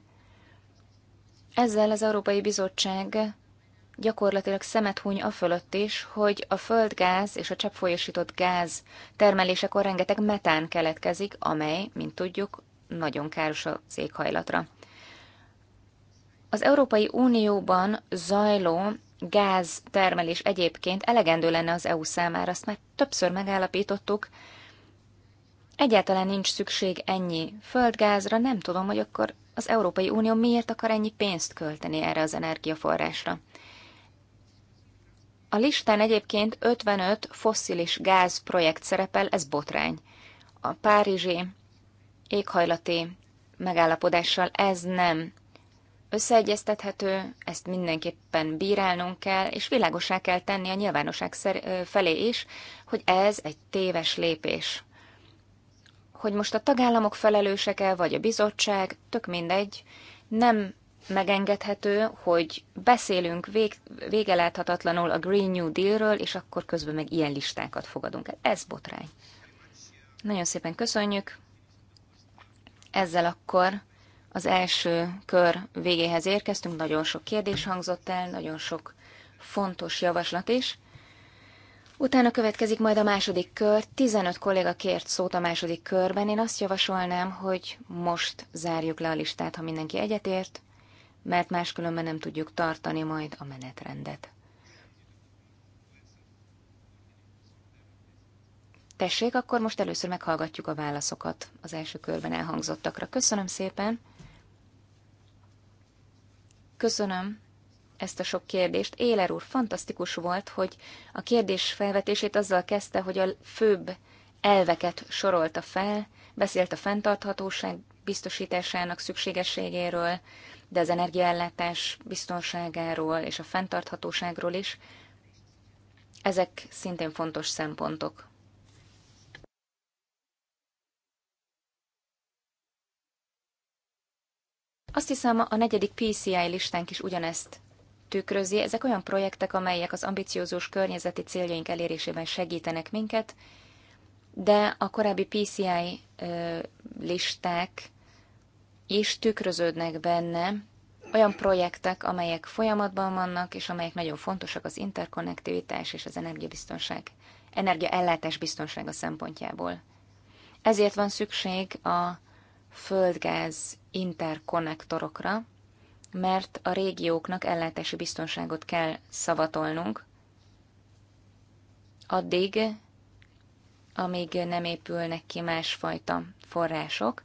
C: Ezzel az Európai Bizottság gyakorlatilag szemet huny a fölött is, hogy a földgáz és a cseppfolyósított gáz termelésekor rengeteg metán keletkezik, amely, mint tudjuk, nagyon káros az éghajlatra. Az Európai Unióban zajló gáztermelés egyébként elegendő lenne az EU számára, azt már többször megállapítottuk, egyáltalán nincs szükség ennyi földgázra, nem tudom, hogy akkor az Európai Unió miért akar ennyi pénzt költeni erre az energiaforrásra. A listán egyébként 55 fosszilis gáz projekt szerepel, ez botrány. A párizsi éghajlati megállapodással ez nem összeegyeztethető, ezt mindenképpen bírálnunk kell, és világosá kell tenni a nyilvánosság felé is, hogy ez egy téves lépés hogy most a tagállamok felelősek-e, vagy a bizottság, tök mindegy, nem megengedhető, hogy beszélünk vég, vége láthatatlanul a Green New Deal-ről, és akkor közben meg ilyen listákat fogadunk el. Ez botrány. Nagyon szépen köszönjük. Ezzel akkor az első kör végéhez érkeztünk. Nagyon sok kérdés hangzott el, nagyon sok fontos javaslat is. Utána következik majd a második kör. 15 kolléga kért szót a második körben. Én azt javasolnám, hogy most zárjuk le a listát, ha mindenki egyetért, mert máskülönben nem tudjuk tartani majd a menetrendet. Tessék, akkor most először meghallgatjuk a válaszokat az első körben elhangzottakra. Köszönöm szépen! Köszönöm ezt a sok kérdést. Éler úr, fantasztikus volt, hogy a kérdés felvetését azzal kezdte, hogy a főbb elveket sorolta fel, beszélt a fenntarthatóság biztosításának szükségességéről, de az energiaellátás biztonságáról és a fenntarthatóságról is. Ezek szintén fontos szempontok. Azt hiszem, a negyedik PCI listánk is ugyanezt tükrözi. Ezek olyan projektek, amelyek az ambiciózus környezeti céljaink elérésében segítenek minket, de a korábbi PCI listák is tükröződnek benne, olyan projektek, amelyek folyamatban vannak, és amelyek nagyon fontosak az interkonnektivitás és az energiabiztonság, energiaellátás biztonsága szempontjából. Ezért van szükség a földgáz interkonnektorokra, mert a régióknak ellátási biztonságot kell szavatolnunk, addig, amíg nem épülnek ki másfajta források,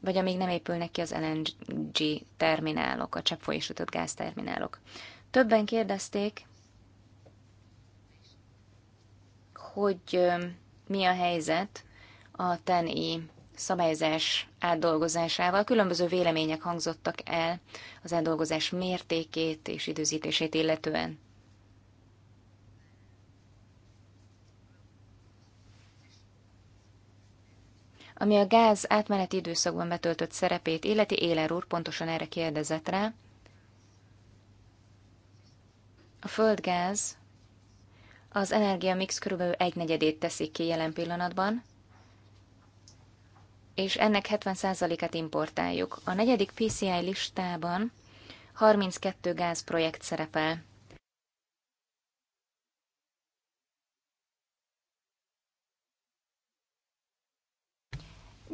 C: vagy amíg nem épülnek ki az LNG terminálok, a cseppfolyósított gázterminálok. Többen kérdezték, hogy mi a helyzet a TEN-I szabályzás átdolgozásával különböző vélemények hangzottak el az átdolgozás mértékét és időzítését illetően. Ami a gáz átmeneti időszakban betöltött szerepét illeti, Éler úr pontosan erre kérdezett rá. A földgáz az energiamix körülbelül egy negyedét teszik ki jelen pillanatban, és ennek 70%-át importáljuk. A negyedik PCI listában 32 gázprojekt szerepel.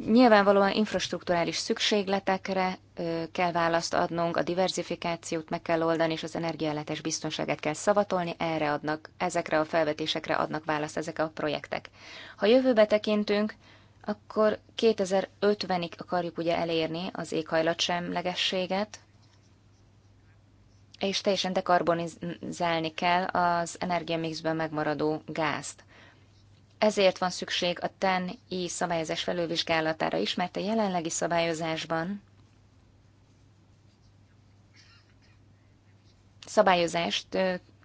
C: Nyilvánvalóan infrastruktúrális szükségletekre kell választ adnunk, a diversifikációt meg kell oldani, és az energiállátás biztonságát kell szavatolni, erre adnak, ezekre a felvetésekre adnak választ ezek a projektek. Ha jövőbe tekintünk, akkor 2050-ig akarjuk ugye elérni az éghajlatsemlegességet, és teljesen dekarbonizálni kell az energiamixben megmaradó gázt. Ezért van szükség a TEN-i szabályozás felülvizsgálatára is, mert a jelenlegi szabályozásban szabályozást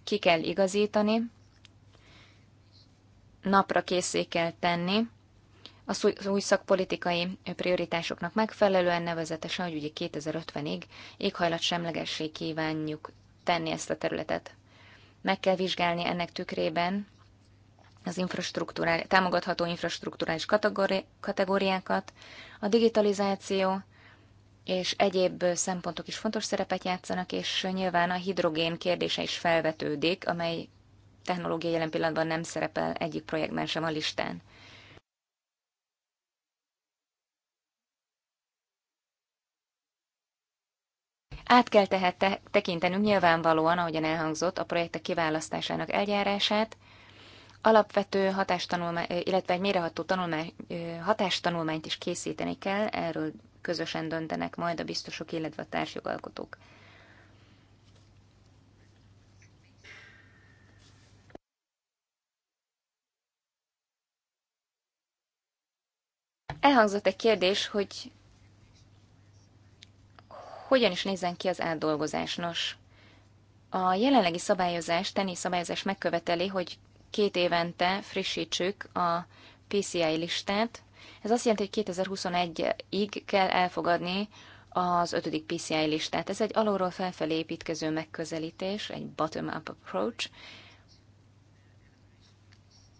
C: ki kell igazítani, napra készé kell tenni, az új szakpolitikai prioritásoknak megfelelően, nevezetesen, hogy ugye 2050-ig semlegessé kívánjuk tenni ezt a területet. Meg kell vizsgálni ennek tükrében az infrastruktúrál, támogatható infrastruktúrális kategóri, kategóriákat, a digitalizáció és egyéb szempontok is fontos szerepet játszanak, és nyilván a hidrogén kérdése is felvetődik, amely technológia jelen pillanatban nem szerepel egyik projektben sem a listán. Át kell tehát te- tekintenünk nyilvánvalóan, ahogyan elhangzott, a projektek kiválasztásának eljárását, Alapvető hatástanulmány, illetve egy méreható tanulmány, hatástanulmányt is készíteni kell, erről közösen döntenek majd a biztosok, illetve a társjogalkotók. Elhangzott egy kérdés, hogy hogyan is nézzen ki az átdolgozás. Nos, a jelenlegi szabályozás, tenni szabályozás megköveteli, hogy két évente frissítsük a PCI listát. Ez azt jelenti, hogy 2021-ig kell elfogadni az ötödik PCI listát. Ez egy alulról felfelé építkező megközelítés, egy bottom-up approach,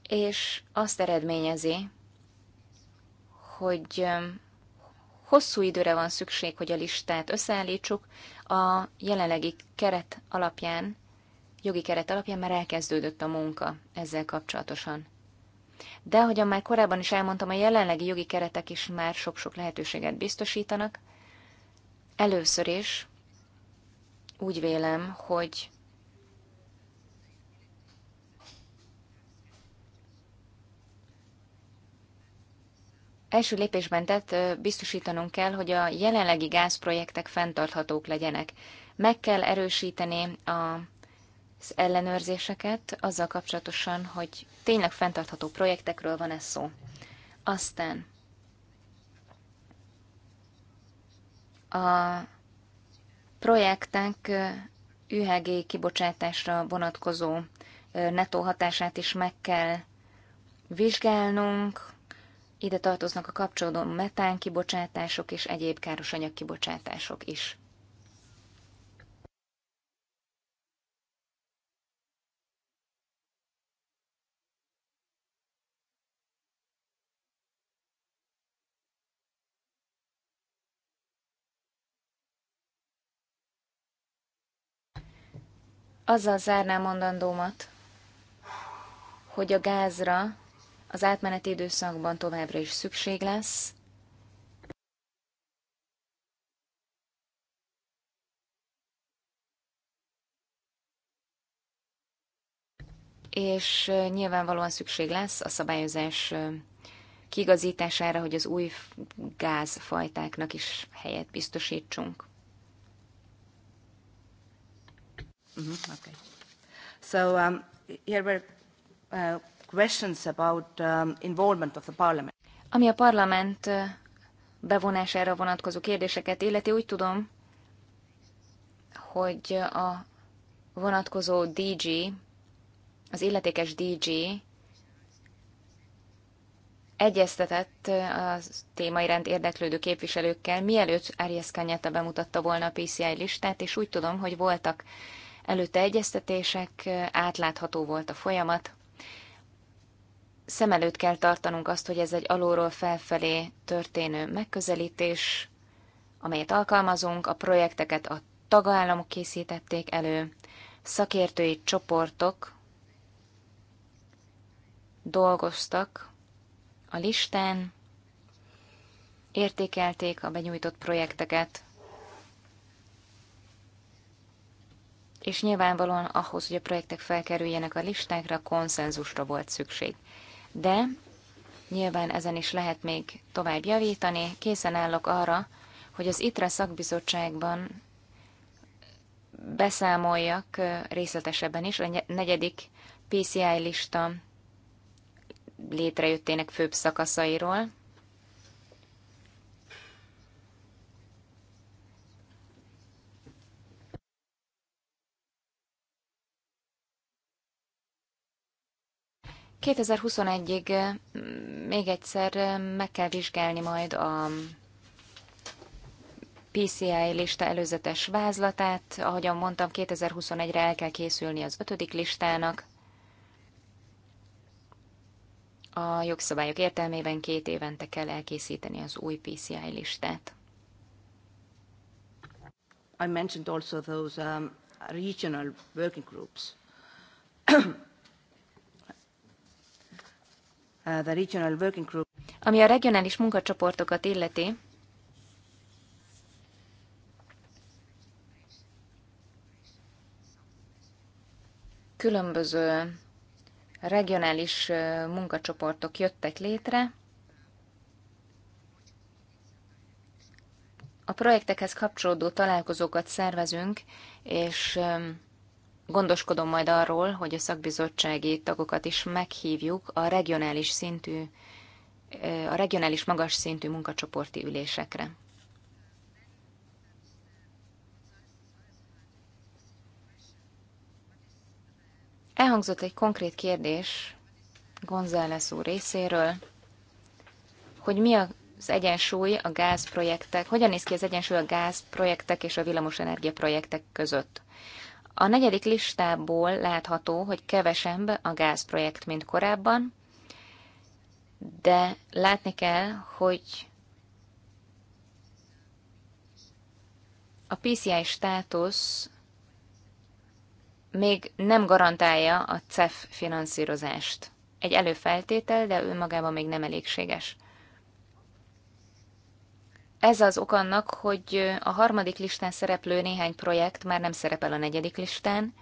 C: és azt eredményezi, hogy Hosszú időre van szükség, hogy a listát összeállítsuk. A jelenlegi keret alapján, jogi keret alapján már elkezdődött a munka ezzel kapcsolatosan. De ahogyan már korábban is elmondtam, a jelenlegi jogi keretek is már sok-sok lehetőséget biztosítanak. Először is úgy vélem, hogy első lépésben tett biztosítanunk kell, hogy a jelenlegi gázprojektek fenntarthatók legyenek. Meg kell erősíteni a az ellenőrzéseket azzal kapcsolatosan, hogy tényleg fenntartható projektekről van ez szó. Aztán a projektek UHG kibocsátásra vonatkozó netó hatását is meg kell vizsgálnunk, ide tartoznak a kapcsolódó metán kibocsátások és egyéb káros kibocsátások is. Azzal zárnám mondandómat, hogy a gázra az átmeneti időszakban továbbra is szükség lesz, és nyilvánvalóan szükség lesz a szabályozás kigazítására, hogy az új gázfajtáknak is helyet biztosítsunk. Mm-hmm, okay. So um, here we're uh, questions about um, involvement of the parliament. Ami a parlament uh, bevonására vonatkozó kérdéseket illeti, úgy tudom, hogy a vonatkozó DG, az illetékes DG egyeztetett uh, a témai rend érdeklődő képviselőkkel, mielőtt Arias Kanyata bemutatta volna a PCI listát, és úgy tudom, hogy voltak előtte egyeztetések, uh, átlátható volt a folyamat, szem előtt kell tartanunk azt, hogy ez egy alulról felfelé történő megközelítés, amelyet alkalmazunk, a projekteket a tagállamok készítették elő, szakértői csoportok dolgoztak a listán, értékelték a benyújtott projekteket, és nyilvánvalóan ahhoz, hogy a projektek felkerüljenek a listákra, konszenzusra volt szükség de nyilván ezen is lehet még tovább javítani. Készen állok arra, hogy az ITRA szakbizottságban beszámoljak részletesebben is a negyedik PCI lista létrejöttének főbb szakaszairól. 2021-ig eh, még egyszer eh, meg kell vizsgálni majd a PCI lista előzetes vázlatát. Ahogyan mondtam, 2021-re el kell készülni az ötödik listának. A jogszabályok értelmében két évente kell elkészíteni az új PCI listát. I mentioned also those um, regional working groups. Uh, the regional working group. Ami a regionális munkacsoportokat illeti, különböző regionális uh, munkacsoportok jöttek létre. A projektekhez kapcsolódó találkozókat szervezünk, és um, gondoskodom majd arról, hogy a szakbizottsági tagokat is meghívjuk a regionális szintű, a regionális magas szintű munkacsoporti ülésekre. Elhangzott egy konkrét kérdés González úr részéről, hogy mi az egyensúly a gázprojektek, hogyan néz ki az egyensúly a gázprojektek és a villamosenergia projektek között. A negyedik listából látható, hogy kevesebb a gázprojekt, mint korábban, de látni kell, hogy a PCI státusz még nem garantálja a CEF finanszírozást. Egy előfeltétel, de önmagában még nem elégséges. Ez az ok annak, hogy a harmadik listán szereplő néhány projekt már nem szerepel a negyedik listán,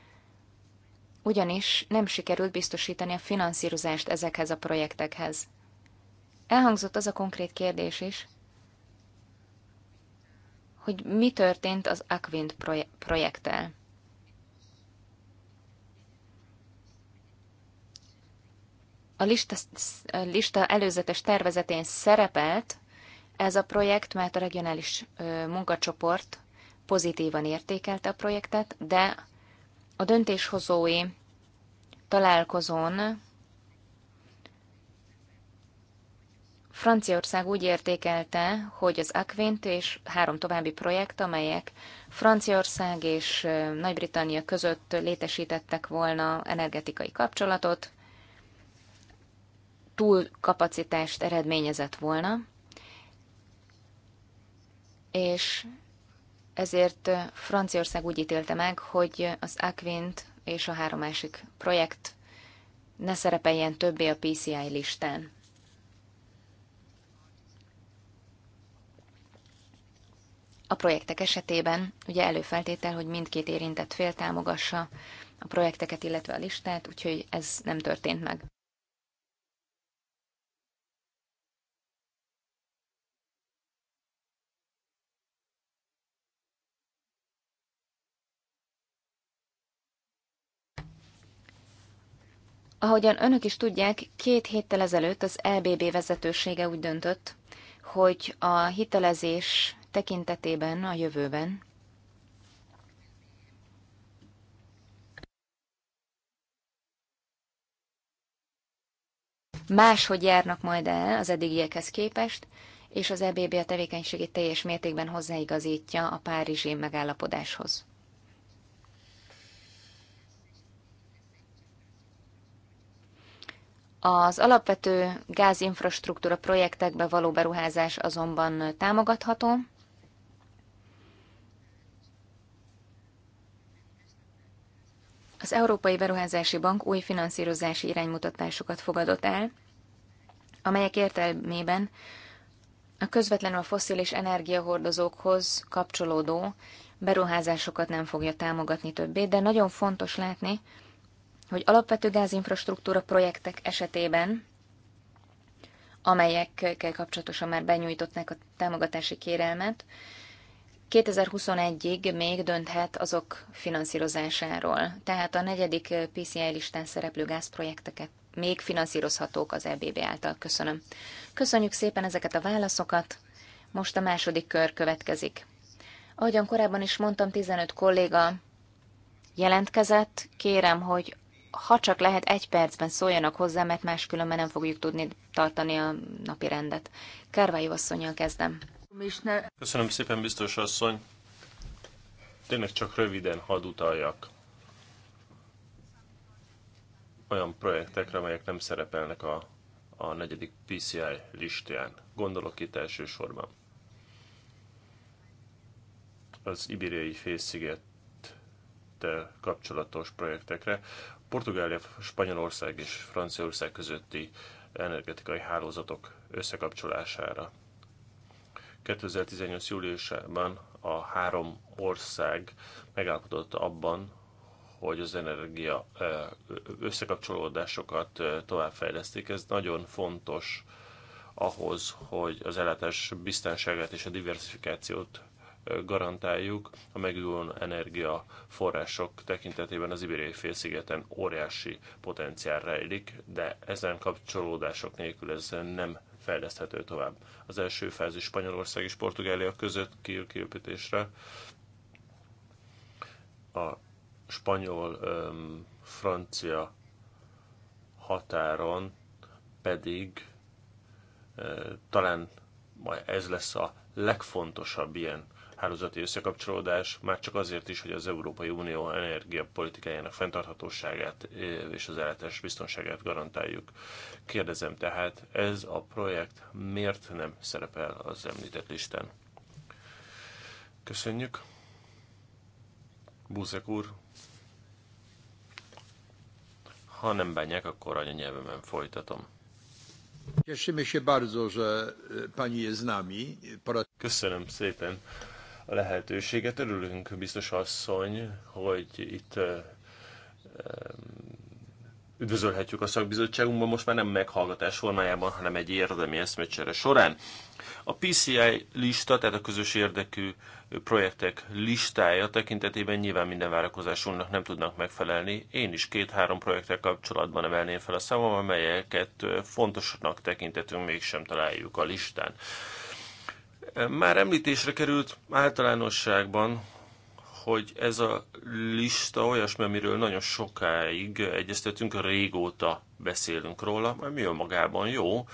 C: ugyanis nem sikerült biztosítani a finanszírozást ezekhez a projektekhez. Elhangzott az a konkrét kérdés is, hogy mi történt az Aquint projekttel. A lista, a lista előzetes tervezetén szerepelt, ez a projekt, mert a regionális munkacsoport pozitívan értékelte a projektet, de a döntéshozói találkozón Franciaország úgy értékelte, hogy az Aquint és három további projekt, amelyek Franciaország és Nagy-Britannia között létesítettek volna energetikai kapcsolatot, túlkapacitást eredményezett volna, és ezért Franciaország úgy ítélte meg, hogy az Aquint és a három másik projekt ne szerepeljen többé a PCI listán. A projektek esetében ugye előfeltétel, hogy mindkét érintett fél támogassa a projekteket, illetve a listát, úgyhogy ez nem történt meg. Ahogyan önök is tudják, két héttel ezelőtt az EBB vezetősége úgy döntött, hogy a hitelezés tekintetében a jövőben máshogy járnak majd el az eddigiekhez képest, és az EBB a tevékenységét teljes mértékben hozzáigazítja a Párizsi megállapodáshoz. Az alapvető gázinfrastruktúra projektekbe való beruházás azonban támogatható. Az Európai Beruházási Bank új finanszírozási iránymutatásokat fogadott el, amelyek értelmében a közvetlenül a foszilis energiahordozókhoz kapcsolódó beruházásokat nem fogja támogatni többé, de nagyon fontos látni, hogy alapvető gázinfrastruktúra projektek esetében, amelyekkel kapcsolatosan már benyújtották a támogatási kérelmet, 2021-ig még dönthet azok finanszírozásáról. Tehát a negyedik PCI listán szereplő gázprojekteket még finanszírozhatók az EBB által. Köszönöm. Köszönjük szépen ezeket a válaszokat. Most a második kör következik. Ahogyan korábban is mondtam, 15 kolléga jelentkezett. Kérem, hogy ha csak lehet, egy percben szóljanak hozzá, mert máskülönben nem fogjuk tudni tartani a napi rendet. Kárvályi asszonyjal kezdem.
B: Köszönöm szépen, biztos asszony. Tényleg csak röviden hadd utaljak olyan projektekre, amelyek nem szerepelnek a, a negyedik PCI listán. Gondolok itt elsősorban az ibériai félsziget kapcsolatos projektekre, Portugália, Spanyolország és Franciaország közötti energetikai hálózatok összekapcsolására. 2018. júliusában a három ország megállapodott abban, hogy az energia összekapcsolódásokat továbbfejlesztik. Ez nagyon fontos ahhoz, hogy az ellátás biztonságát és a diversifikációt garantáljuk a megújuló energiaforrások tekintetében az Ibériai félszigeten óriási potenciál rejlik, de ezen kapcsolódások nélkül ez nem fejleszthető tovább. Az első fázis Spanyolország és Portugália között kiépítésre a spanyol, francia határon pedig talán majd ez lesz a legfontosabb ilyen hálózati összekapcsolódás, már csak azért is, hogy az Európai Unió energiapolitikájának fenntarthatóságát eh, és az ellátás biztonságát garantáljuk. Kérdezem tehát, ez a projekt miért nem szerepel az említett listán? Köszönjük. Búzek úr. Ha nem bánják, akkor anyanyelvemen folytatom. pani Köszönöm szépen, lehetőséget. Örülünk, biztos asszony, hogy itt üdvözölhetjük a szakbizottságunkban most már nem meghallgatás formájában, hanem egy érdemi eszmecsere során. A PCI lista, tehát a közös érdekű projektek listája tekintetében nyilván minden várakozásunknak nem tudnak megfelelni. Én is két-három projektek kapcsolatban emelném fel a számom, amelyeket fontosnak tekintetünk, mégsem találjuk a listán. Már említésre került általánosságban, hogy ez a lista olyasmi, amiről nagyon sokáig egyeztetünk, régóta beszélünk róla, mi önmagában jó.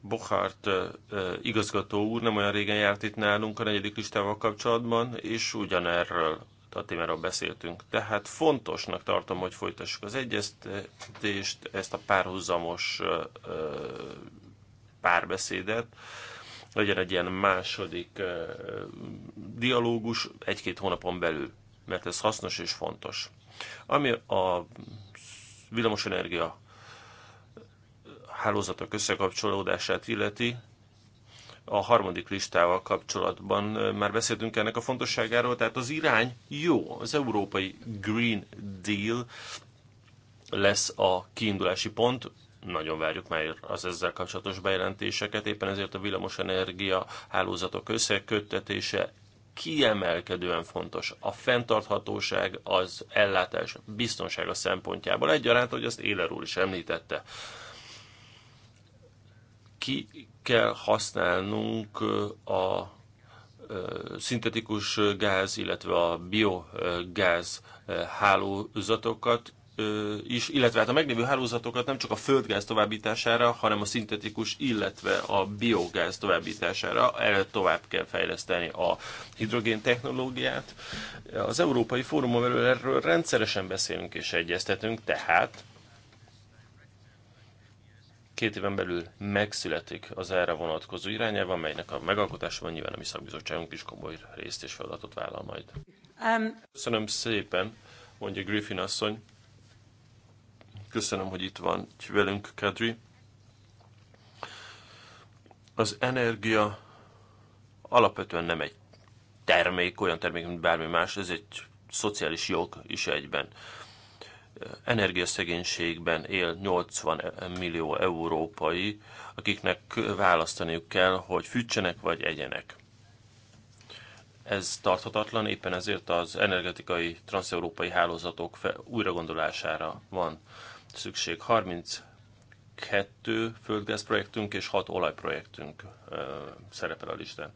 B: Bochart igazgató úr nem olyan régen járt itt nálunk a negyedik listával kapcsolatban, és ugyanerről a témáról beszéltünk. Tehát fontosnak tartom, hogy folytassuk az egyeztetést, ezt a párhuzamos párbeszédet, legyen egy ilyen második dialógus egy-két hónapon belül, mert ez hasznos és fontos. Ami a villamosenergia hálózatok összekapcsolódását illeti, a harmadik listával kapcsolatban már beszéltünk ennek a fontosságáról, tehát az irány jó, az európai Green Deal lesz a kiindulási pont, nagyon várjuk már az ezzel kapcsolatos bejelentéseket, éppen ezért a villamosenergia hálózatok összeköttetése kiemelkedően fontos. A fenntarthatóság az ellátás biztonsága szempontjából egyaránt, hogy azt Éler úr is említette. Ki kell használnunk a szintetikus gáz, illetve a biogáz hálózatokat, is, illetve hát a meglévő hálózatokat nem csak a földgáz továbbítására, hanem a szintetikus, illetve a biogáz továbbítására el tovább kell fejleszteni a hidrogén technológiát. Az Európai Fórumon belül erről rendszeresen beszélünk és egyeztetünk, tehát két éven belül megszületik az erre vonatkozó irányelv, amelynek a megalkotásában nyilván a mi szakbizottságunk is komoly részt és feladatot vállal majd. Um... Köszönöm szépen, mondja Griffin asszony. Köszönöm, hogy itt van velünk, Kadri. Az energia alapvetően nem egy termék, olyan termék, mint bármi más, ez egy szociális jog is egyben. Energiaszegénységben él 80 millió európai, akiknek választaniuk kell, hogy fűtsenek vagy egyenek. Ez tarthatatlan, éppen ezért az energetikai transeurópai hálózatok újragondolására van szükség. 32 földgáz projektünk és 6 olajprojektünk szerepel a listán.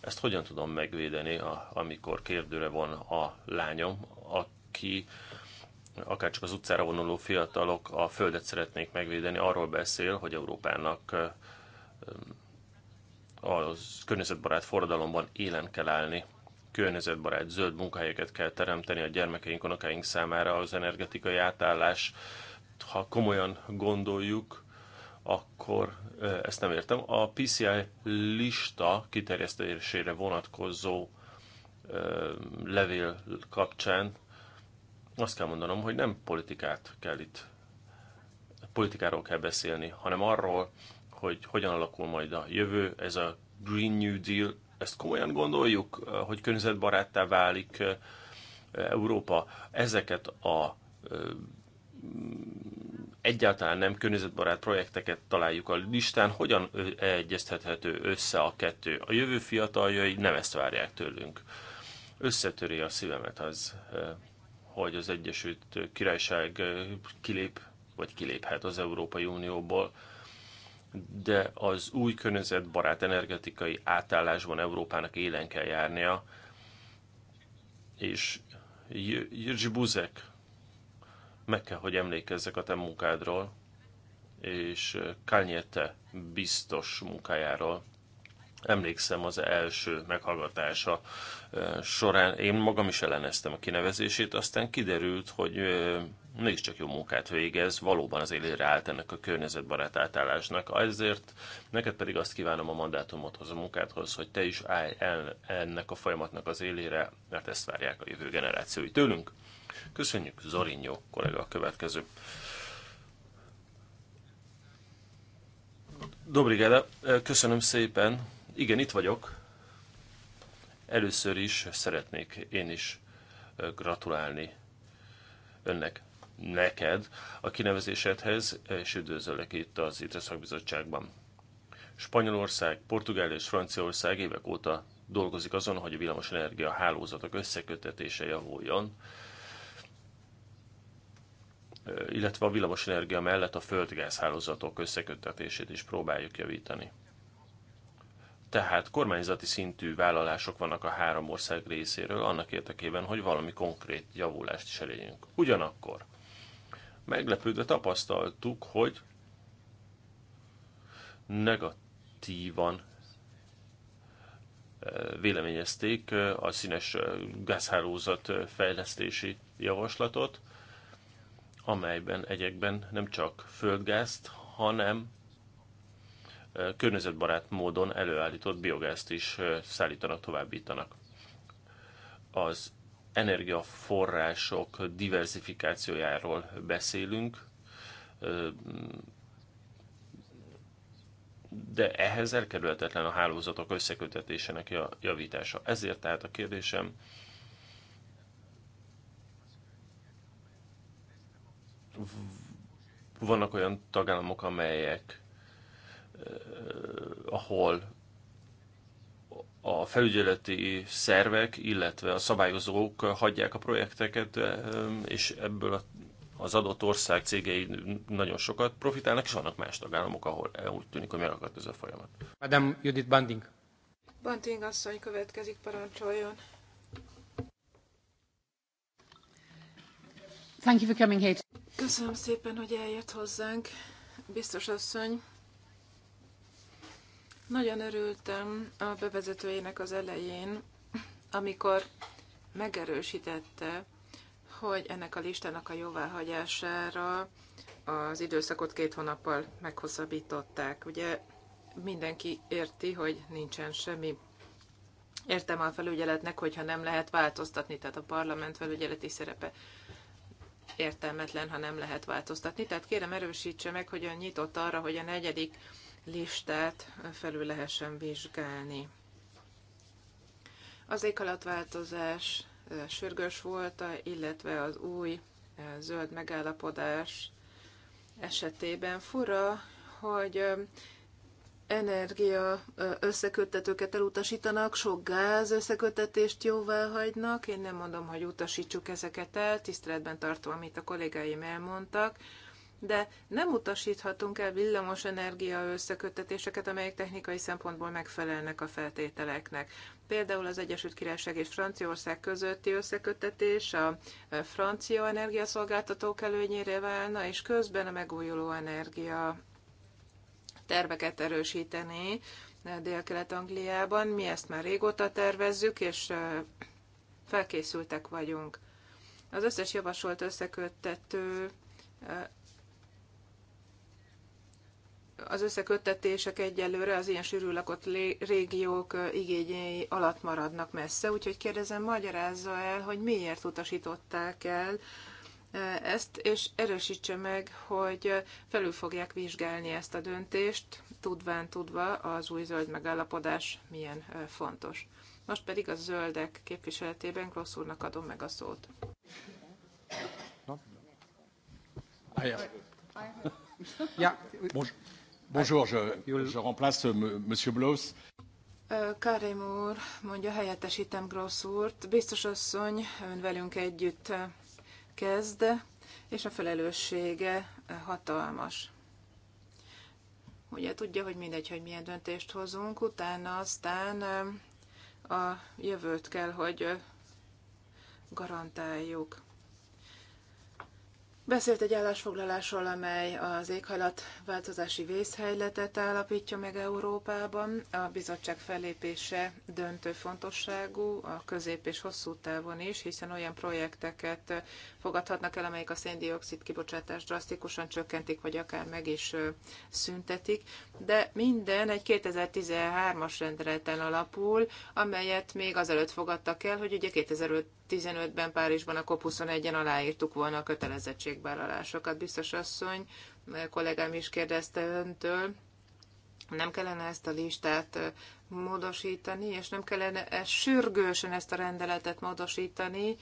B: Ezt hogyan tudom megvédeni, amikor kérdőre van a lányom, aki akárcsak az utcára vonuló fiatalok a földet szeretnék megvédeni, arról beszél, hogy Európának a környezetbarát forradalomban élen kell állni, környezetbarát zöld munkahelyeket kell teremteni a gyermekeink, unokáink számára, az energetikai átállás ha komolyan gondoljuk, akkor ezt nem értem. A PCI lista kiterjesztésére vonatkozó levél kapcsán azt kell mondanom, hogy nem politikát kell itt, politikáról kell beszélni, hanem arról, hogy hogyan alakul majd a jövő, ez a Green New Deal, ezt komolyan gondoljuk, hogy környezetbaráttá válik Európa. Ezeket a egyáltalán nem környezetbarát projekteket találjuk a listán, hogyan egyeztethető össze a kettő? A jövő fiataljai nem ezt várják tőlünk. Összetöri a szívemet az, hogy az Egyesült Királyság kilép, vagy kiléphet az Európai Unióból, de az új környezetbarát energetikai átállásban Európának élen kell járnia, és Jerzy Buzek meg kell, hogy emlékezzek a te munkádról, és eh, Kanyete biztos munkájáról. Emlékszem az első meghallgatása eh, során, én magam is elleneztem a kinevezését, aztán kiderült, hogy eh, mégiscsak jó munkát végez, valóban az élére állt ennek a környezetbarát átállásnak. Ezért neked pedig azt kívánom a mandátumodhoz, a munkádhoz, hogy te is állj el ennek a folyamatnak az élére, mert ezt várják a jövő generációi tőlünk. Köszönjük, Zorinyó kollega a következő. Dobrigáda, köszönöm szépen. Igen, itt vagyok. Először is szeretnék én is gratulálni önnek, neked a kinevezésedhez, és üdvözöllek itt az ITRE szakbizottságban. Spanyolország, Portugália és Franciaország évek óta dolgozik azon, hogy a villamosenergia hálózatok összekötetése javuljon, illetve a villamosenergia mellett a földgázhálózatok összeköttetését is próbáljuk javítani. Tehát kormányzati szintű vállalások vannak a három ország részéről annak érdekében, hogy valami konkrét javulást is elérjünk. Ugyanakkor meglepődve tapasztaltuk, hogy negatívan véleményezték a színes gázhálózat fejlesztési javaslatot, amelyben egyekben nem csak földgázt, hanem környezetbarát módon előállított biogázt is szállítanak, továbbítanak. Az energiaforrások diversifikációjáról beszélünk, de ehhez elkerülhetetlen a hálózatok összekötetésének javítása. Ezért tehát a kérdésem, vannak olyan tagállamok, amelyek eh, ahol a felügyeleti szervek, illetve a szabályozók hagyják a projekteket, eh, és ebből az adott ország cégei nagyon sokat profitálnak, és vannak más tagállamok, ahol úgy tűnik, hogy megakadt ez a folyamat. Madame Judith Banding.
A: Banding asszony következik, parancsoljon. Thank you for coming here. Köszönöm szépen, hogy eljött hozzánk, biztos asszony. Nagyon örültem a bevezetőjének az elején, amikor megerősítette, hogy ennek a listának a jóváhagyására az időszakot két hónappal meghosszabbították. Ugye mindenki érti, hogy nincsen semmi értem a felügyeletnek, hogyha nem lehet változtatni, tehát a parlament felügyeleti szerepe értelmetlen, ha nem lehet változtatni. Tehát kérem erősítse meg, hogy ön nyitott arra, hogy a negyedik listát felül lehessen vizsgálni. Az éghalatváltozás sürgős volt, illetve az új zöld megállapodás esetében fura, hogy energia összeköttetőket elutasítanak, sok gáz összeköttetést jóvá hagynak. Én nem mondom, hogy utasítsuk ezeket el, tiszteletben tartom, amit a kollégáim elmondtak, de nem utasíthatunk el villamos energia összeköttetéseket, amelyek technikai szempontból megfelelnek a feltételeknek. Például az Egyesült Királyság és Franciaország közötti összeköttetés a francia energiaszolgáltatók előnyére válna, és közben a megújuló energia terveket erősíteni Dél-Kelet-Angliában. Mi ezt már régóta tervezzük, és felkészültek vagyunk. Az összes javasolt összeköttető az összeköttetések egyelőre az ilyen sűrű lakott régiók igényei alatt maradnak messze, úgyhogy kérdezem, magyarázza el, hogy miért utasították el ezt, és erősítse meg, hogy felül fogják vizsgálni ezt a döntést, tudván tudva az új zöld megállapodás milyen fontos. Most pedig a zöldek képviseletében Grossz úrnak adom meg a szót.
C: Ah,
B: bonjour, je, remplace Monsieur
A: Karim úr, mondja, helyettesítem Grossz úrt. Biztos asszony, ön velünk együtt kezd, és a felelőssége hatalmas. Ugye tudja, hogy mindegy, hogy milyen döntést hozunk, utána aztán a jövőt kell, hogy garantáljuk. Beszélt egy állásfoglalásról, amely az éghajlatváltozási vészhelyletet állapítja meg Európában. A bizottság fellépése döntő fontosságú a közép és hosszú távon is, hiszen olyan projekteket fogadhatnak el, amelyek a széndiokszid kibocsátást drasztikusan csökkentik, vagy akár meg is szüntetik. De minden egy 2013-as rendeleten alapul, amelyet még azelőtt fogadtak el, hogy ugye 2015-ben Párizsban a COP21-en aláírtuk volna a kötelezettség kötelezettségvállalásokat. Biztos asszony, kollégám is kérdezte öntől, nem kellene ezt a listát módosítani, és nem kellene e sürgősen ezt a rendeletet módosítani.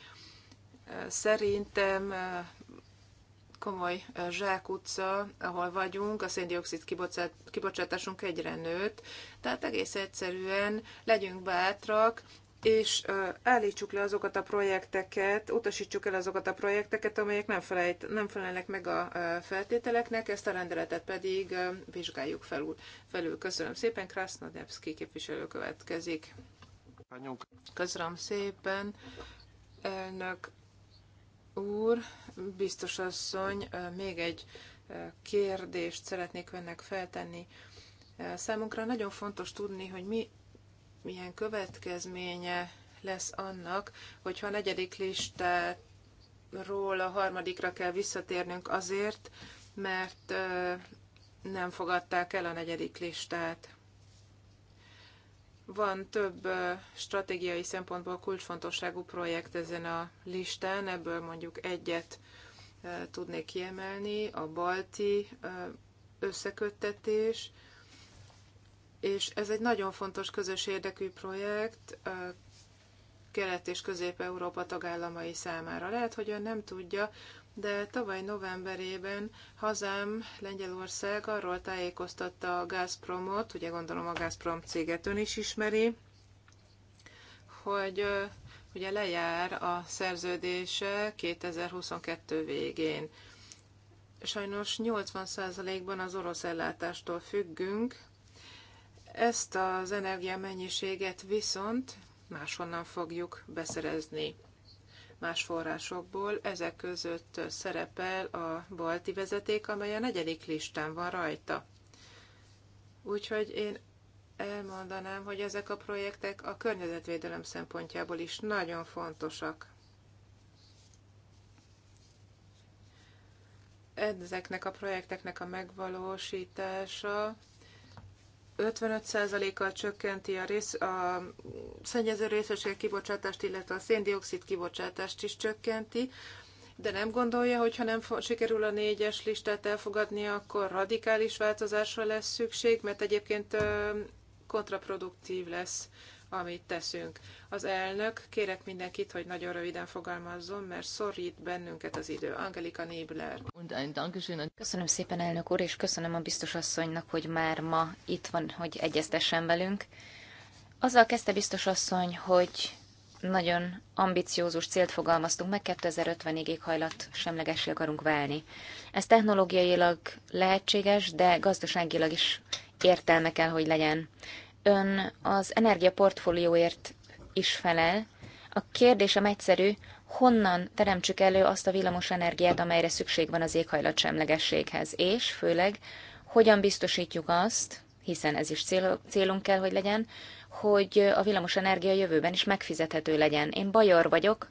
A: Szerintem komoly zsákutca, ahol vagyunk, a széndiokszid kibocsátásunk egyre nőtt, tehát egész egyszerűen legyünk bátrak, és állítsuk le azokat a projekteket, utasítsuk el azokat a projekteket, amelyek nem, felejt, nem felelnek meg a feltételeknek, ezt a rendeletet pedig vizsgáljuk felül. felül. Köszönöm szépen, Krasznodebszki képviselő következik. Köszönöm szépen, elnök úr, biztos asszony, még egy kérdést szeretnék önnek feltenni. Számunkra nagyon fontos tudni, hogy mi milyen következménye lesz annak, hogyha a negyedik listáról a harmadikra kell visszatérnünk azért, mert nem fogadták el a negyedik listát. Van több stratégiai szempontból kulcsfontosságú projekt ezen a listán, ebből mondjuk egyet tudnék kiemelni, a balti összeköttetés, és ez egy nagyon fontos közös érdekű projekt Kelet- és Közép-Európa tagállamai számára. Lehet, hogy ön nem tudja, de tavaly novemberében hazám Lengyelország arról tájékoztatta a Gazpromot, ugye gondolom a Gazprom céget ön is ismeri, hogy ugye lejár a szerződése 2022 végén. Sajnos 80%-ban az orosz ellátástól függünk, ezt az energiamennyiséget viszont máshonnan fogjuk beszerezni más forrásokból. Ezek között szerepel a balti vezeték, amely a negyedik listán van rajta. Úgyhogy én elmondanám, hogy ezek a projektek a környezetvédelem szempontjából is nagyon fontosak. Ezeknek a projekteknek a megvalósítása 55%-kal csökkenti a, rész, a szennyező részeség kibocsátást, illetve a széndiokszid kibocsátást is csökkenti, de nem gondolja, hogy ha nem sikerül a négyes listát elfogadni, akkor radikális változásra lesz szükség, mert egyébként kontraproduktív lesz amit teszünk. Az elnök, kérek mindenkit, hogy nagyon röviden fogalmazzon, mert szorít bennünket az idő. Angelika Nébler.
C: Köszönöm szépen, elnök úr, és köszönöm a biztos asszonynak, hogy már ma itt van, hogy egyeztessen velünk. Azzal kezdte biztos asszony, hogy nagyon ambiciózus célt fogalmaztunk meg, 2050-ig éghajlat semlegesé akarunk válni. Ez technológiailag lehetséges, de gazdaságilag is értelme kell, hogy legyen ön az energiaportfólióért is felel. A kérdésem egyszerű, honnan teremtsük elő azt a villamos energiát, amelyre szükség van az éghajlat semlegességhez, és főleg hogyan biztosítjuk azt, hiszen ez is cél, célunk kell, hogy legyen, hogy a villamos energia jövőben is megfizethető legyen. Én bajor vagyok,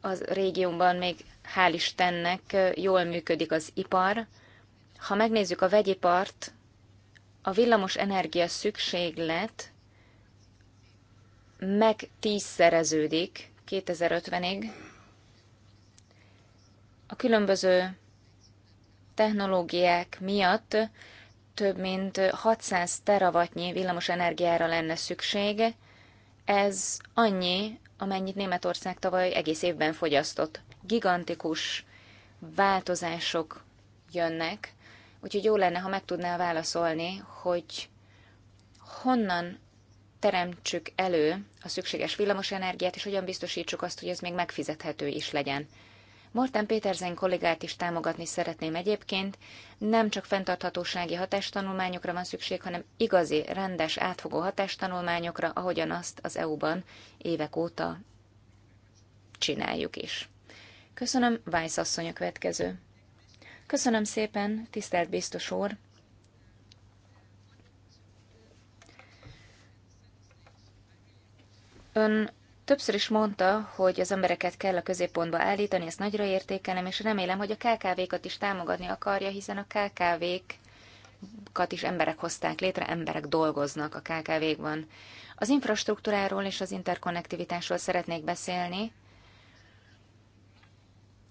C: az régióban még hál' Istennek jól működik az ipar. Ha megnézzük a vegyipart, a villamos energia szükséglet meg tízszereződik 2050-ig. A különböző technológiák miatt több mint 600 teravatnyi villamos energiára lenne szükség. Ez annyi, amennyit Németország tavaly egész évben fogyasztott. Gigantikus változások jönnek, Úgyhogy jó lenne, ha meg tudnál válaszolni, hogy honnan teremtsük elő a szükséges villamosenergiát, és hogyan biztosítsuk azt, hogy ez még megfizethető is legyen. Morten Péterzen kollégát is támogatni szeretném egyébként. Nem csak fenntarthatósági hatástanulmányokra van szükség, hanem igazi, rendes, átfogó hatástanulmányokra, ahogyan azt az EU-ban évek óta csináljuk is. Köszönöm, Vájsz asszony a következő. Köszönöm szépen, tisztelt biztos úr! Ön többször is mondta, hogy az embereket kell a középpontba állítani, ezt nagyra értékelem, és remélem, hogy a KKV-kat is támogatni akarja, hiszen a KKV-kat is emberek hozták létre, emberek dolgoznak a KKV-kban. Az infrastruktúráról és az interkonnektivitásról szeretnék beszélni.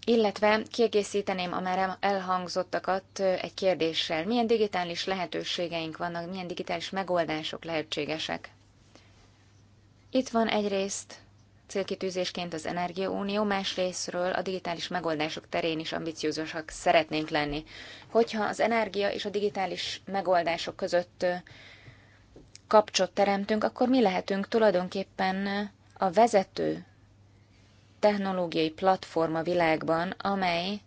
C: Illetve kiegészíteném a már elhangzottakat egy kérdéssel. Milyen digitális lehetőségeink vannak, milyen digitális megoldások lehetségesek? Itt van egyrészt célkitűzésként az Energiaunió, másrésztről a digitális megoldások terén is ambiciózusak szeretnénk lenni. Hogyha az energia és a digitális megoldások között kapcsot teremtünk, akkor mi lehetünk tulajdonképpen a vezető technológiai platforma világban, amely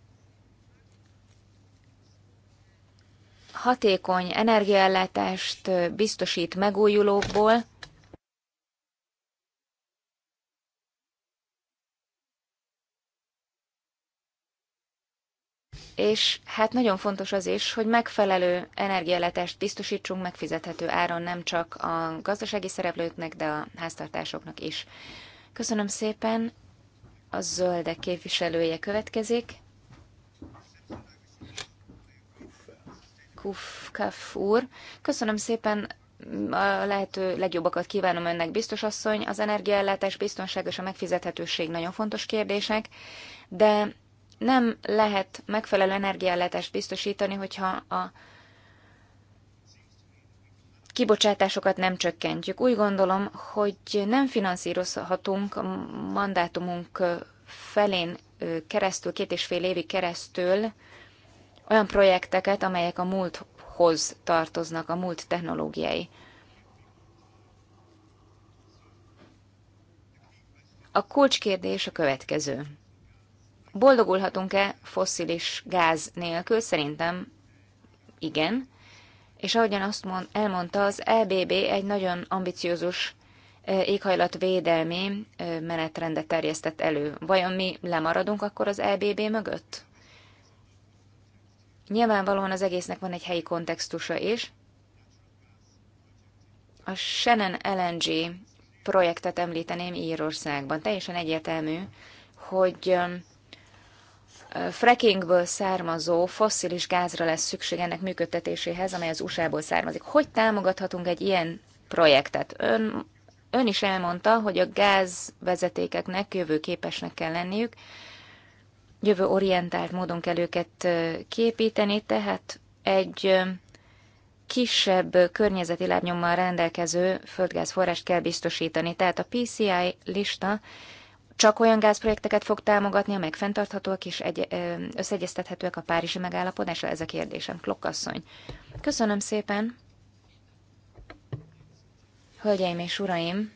C: hatékony energiaellátást biztosít megújulókból, és hát nagyon fontos az is, hogy megfelelő energiaellátást biztosítsunk megfizethető áron nem csak a gazdasági szereplőknek, de a háztartásoknak is. Köszönöm szépen, a zöldek képviselője következik. Kuf, Kaf úr. Köszönöm szépen, a lehető legjobbakat kívánom önnek, biztos asszony. Az energiaellátás, biztonság és a megfizethetőség nagyon fontos kérdések, de nem lehet megfelelő energiaellátást biztosítani, hogyha a kibocsátásokat nem csökkentjük. Úgy gondolom, hogy nem finanszírozhatunk a mandátumunk felén keresztül, két és fél évig keresztül olyan projekteket, amelyek a múlthoz tartoznak, a múlt technológiai. A kulcskérdés a következő. Boldogulhatunk-e fosszilis gáz nélkül? Szerintem igen. És ahogyan azt mond, elmondta, az EBB egy nagyon ambiciózus éghajlatvédelmi menetrendet terjesztett elő. Vajon mi lemaradunk akkor az EBB mögött? Nyilvánvalóan az egésznek van egy helyi kontextusa is. A Shannon LNG projektet említeném Írországban. Teljesen egyértelmű, hogy frackingből származó fosszilis gázra lesz szükség ennek működtetéséhez, amely az USA-ból származik. Hogy támogathatunk egy ilyen projektet? Ön, ön is elmondta, hogy a gázvezetékeknek jövőképesnek kell lenniük, jövő orientált módon kell őket képíteni, tehát egy kisebb környezeti lábnyommal rendelkező földgázforrást kell biztosítani. Tehát a PCI lista csak olyan gázprojekteket fog támogatni, amelyek fenntarthatóak és egy, összeegyeztethetőek a Párizsi megállapodásra Ez a kérdésem, Klokkasszony. Köszönöm szépen. Hölgyeim és uraim,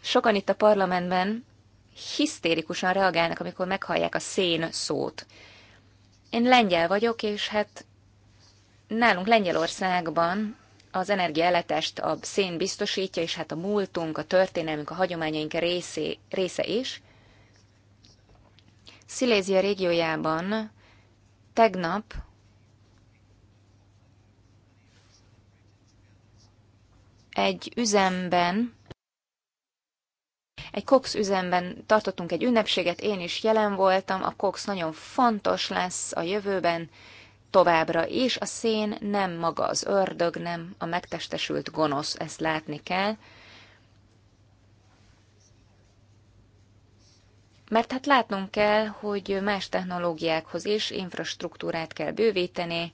C: sokan itt a parlamentben hisztérikusan reagálnak, amikor meghallják a szén szót. Én lengyel vagyok, és hát nálunk Lengyelországban az energiaellátást a szén biztosítja, és hát a múltunk, a történelmünk, a hagyományaink részé, része is. Szilézia régiójában tegnap egy üzemben, egy Cox üzemben tartottunk egy ünnepséget, én is jelen voltam, a Cox nagyon fontos lesz a jövőben, továbbra is. A szén nem maga az ördög, nem a megtestesült gonosz, ezt látni kell. Mert hát látnunk kell, hogy más technológiákhoz is infrastruktúrát kell bővíteni,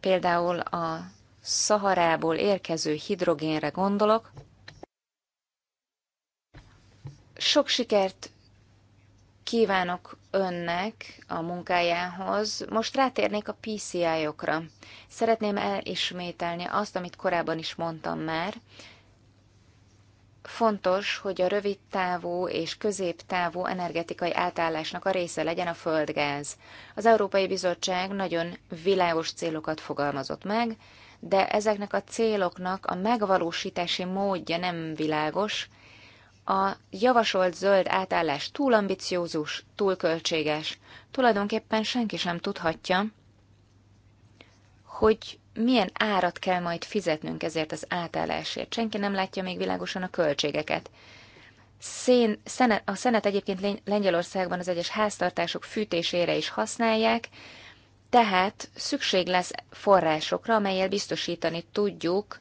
C: például a Szaharából érkező hidrogénre gondolok. Sok sikert kívánok önnek a munkájához. Most rátérnék a PCI-okra. Szeretném elismételni azt, amit korábban is mondtam már. Fontos, hogy a rövid távú és középtávú energetikai átállásnak a része legyen a földgáz. Az Európai Bizottság nagyon világos célokat fogalmazott meg, de ezeknek a céloknak a megvalósítási módja nem világos, a javasolt zöld átállás túl ambiciózus, túl költséges. Tulajdonképpen senki sem tudhatja, hogy milyen árat kell majd fizetnünk ezért az átállásért. Senki nem látja még világosan a költségeket. Szén, szenet, a szenet egyébként Lengyelországban az egyes háztartások fűtésére is használják, tehát szükség lesz forrásokra, amelyel biztosítani tudjuk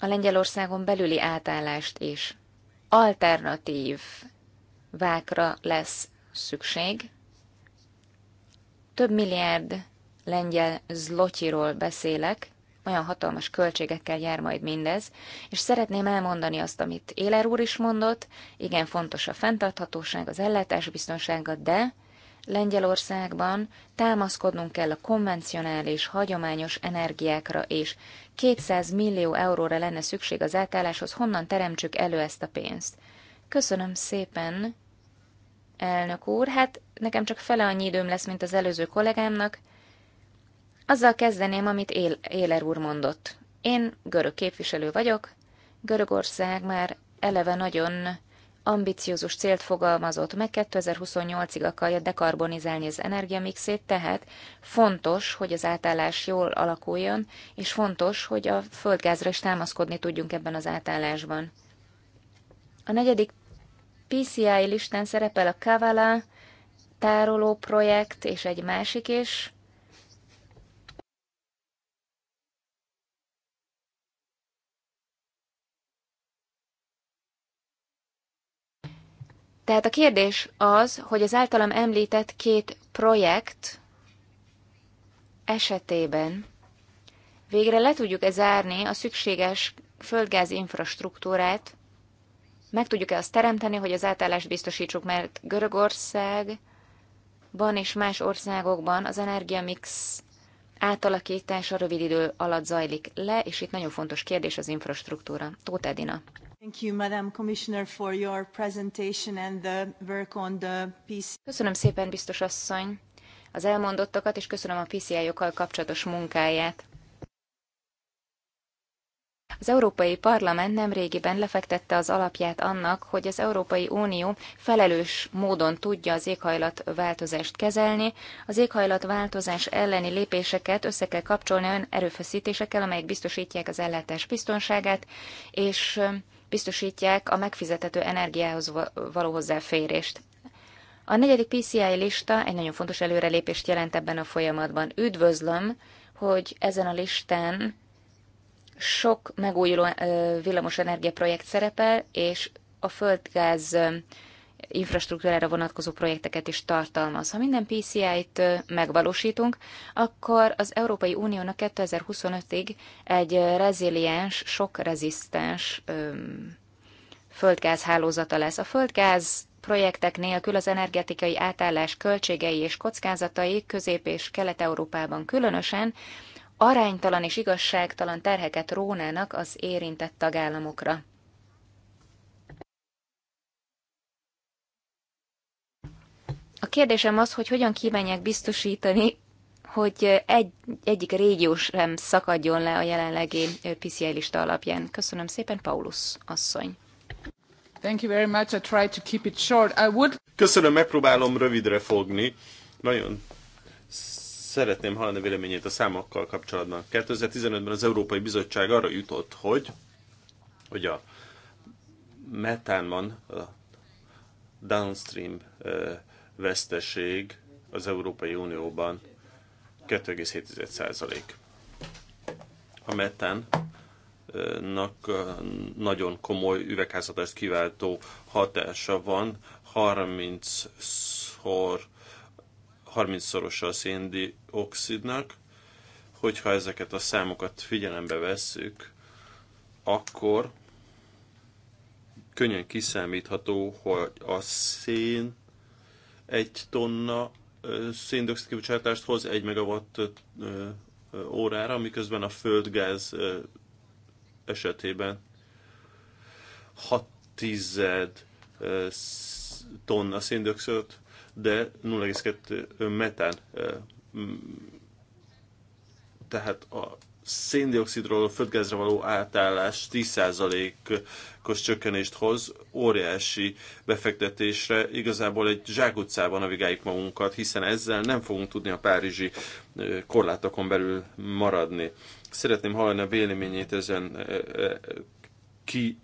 C: a Lengyelországon belüli átállást is alternatív vákra lesz szükség. Több milliárd lengyel zlotyiról beszélek, olyan hatalmas költségekkel jár majd mindez, és szeretném elmondani azt, amit Éler úr is mondott, igen fontos a fenntarthatóság, az ellátásbiztonsága, de Lengyelországban támaszkodnunk kell a konvencionális, hagyományos energiákra, és 200 millió euróra lenne szükség az átálláshoz, honnan teremtsük elő ezt a pénzt. Köszönöm szépen, elnök úr, hát nekem csak fele annyi időm lesz, mint az előző kollégámnak. Azzal kezdeném, amit Él- Éler úr mondott. Én görög képviselő vagyok, Görögország már eleve nagyon ambiciózus célt fogalmazott meg, 2028-ig akarja dekarbonizálni az energiamixét, tehát fontos, hogy az átállás jól alakuljon, és fontos, hogy a földgázra is támaszkodni tudjunk ebben az átállásban. A negyedik PCI listán szerepel a Kavala tároló projekt és egy másik is, Tehát a kérdés az, hogy az általam említett két projekt esetében végre le tudjuk-e zárni a szükséges földgáz infrastruktúrát, meg tudjuk-e azt teremteni, hogy az átállást biztosítsuk, mert Görögországban és más országokban az energiamix átalakítása rövid idő alatt zajlik le, és itt nagyon fontos kérdés az infrastruktúra. Tóth Edina. Köszönöm szépen, biztos asszony, az elmondottakat, és köszönöm a PCI-okkal kapcsolatos munkáját. Az Európai Parlament nemrégiben lefektette az alapját annak, hogy az Európai Unió felelős módon tudja az éghajlatváltozást kezelni. Az éghajlatváltozás elleni lépéseket össze kell kapcsolni olyan erőfeszítésekkel, amelyek biztosítják az ellátás biztonságát, és biztosítják a megfizethető energiához való hozzáférést. A negyedik PCI lista egy nagyon fontos előrelépést jelent ebben a folyamatban. Üdvözlöm, hogy ezen a listán sok megújuló villamos energiaprojekt szerepel, és a földgáz infrastruktúrára vonatkozó projekteket is tartalmaz. Ha minden PCI-t megvalósítunk, akkor az Európai Uniónak 2025-ig egy reziliens, sok rezisztens földgáz hálózata lesz. A földgáz projektek nélkül az energetikai átállás költségei és kockázatai Közép- és Kelet-Európában különösen aránytalan és igazságtalan terheket rónának az érintett tagállamokra. A kérdésem az, hogy hogyan kívánják biztosítani, hogy egy, egyik régió sem szakadjon le a jelenlegi PCI lista alapján. Köszönöm szépen, Paulus asszony. Thank you very much. I try to keep it short. I would...
B: Köszönöm, megpróbálom rövidre fogni. Nagyon szeretném hallani véleményét a számokkal kapcsolatban. 2015-ben az Európai Bizottság arra jutott, hogy, hogy a metánban a downstream veszteség az Európai Unióban 2,7%. A metánnak nagyon komoly üvegházhatást kiváltó hatása van, 30-szor 30-szorosa a széndiokszidnak, hogyha ezeket a számokat figyelembe vesszük, akkor könnyen kiszámítható, hogy a szén egy tonna széndiokszid kibocsátást hoz egy megawatt órára, miközben a földgáz esetében 6 tized tonna széndiokszidot, de 0,2 metán. Tehát a széndiokszidról földgázra való átállás 10%-os csökkenést hoz, óriási befektetésre, igazából egy zsákutcában navigáljuk magunkat, hiszen ezzel nem fogunk tudni a párizsi korlátokon belül maradni. Szeretném hallani a véleményét ezen ki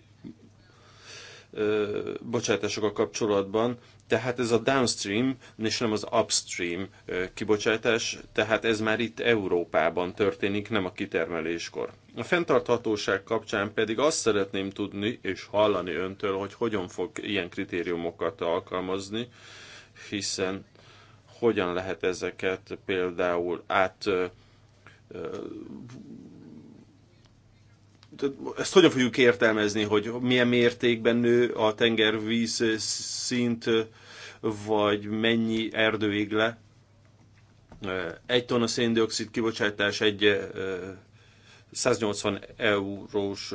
B: bocsátásokkal kapcsolatban, tehát ez a downstream, és nem az upstream kibocsátás, tehát ez már itt Európában történik, nem a kitermeléskor. A fenntarthatóság kapcsán pedig azt szeretném tudni és hallani öntől, hogy hogyan fog ilyen kritériumokat alkalmazni, hiszen hogyan lehet ezeket például át ezt hogyan fogjuk értelmezni, hogy milyen mértékben nő a tengervíz szint, vagy mennyi erdő ég le? Egy tonna széndiokszid kibocsátás egy 180 eurós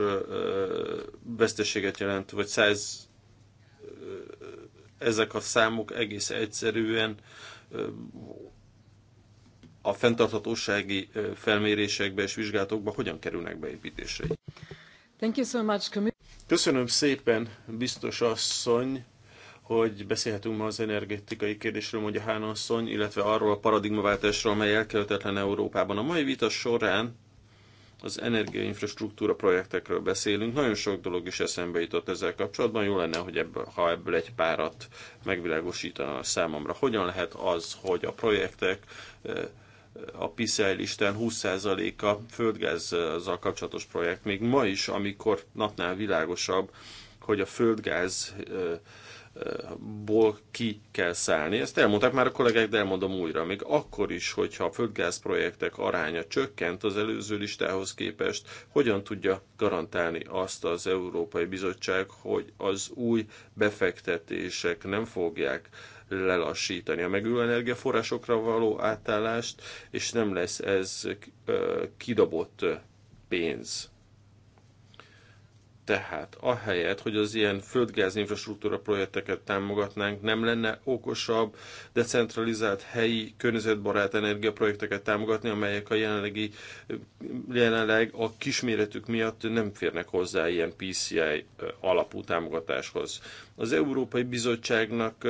B: veszteséget jelent, vagy 100 ezek a számok egész egyszerűen a fenntarthatósági felmérésekbe és vizsgálatokba hogyan kerülnek beépítésre? Thank you so much. Köszönöm szépen, biztos asszony, hogy beszélhetünk ma az energetikai kérdésről, mondja Hán asszony, illetve arról a paradigmaváltásról, amely elkerülhetetlen Európában. A mai vita során az energiainfrastruktúra projektekről beszélünk. Nagyon sok dolog is eszembe jutott ezzel kapcsolatban. Jó lenne, hogy ebből, ha ebből egy párat megvilágosítana a számomra. Hogyan lehet az, hogy a projektek a PCI listán 20%-a földgázzal kapcsolatos projekt. Még ma is, amikor napnál világosabb, hogy a földgáz ból ki kell szállni. Ezt elmondták már a kollégák, de elmondom újra. Még akkor is, hogyha a földgáz projektek aránya csökkent az előző listához képest, hogyan tudja garantálni azt az Európai Bizottság, hogy az új befektetések nem fogják uh, lelassítani a megújuló energiaforrásokra való átállást, és nem lesz ez kidobott pénz. Tehát ahelyett, hogy az ilyen földgáz infrastruktúra projekteket támogatnánk, nem lenne okosabb, decentralizált helyi környezetbarát energiaprojekteket támogatni, amelyek a jelenlegi, jelenleg a kisméretük miatt nem férnek hozzá ilyen PCI alapú támogatáshoz. Az Európai Bizottságnak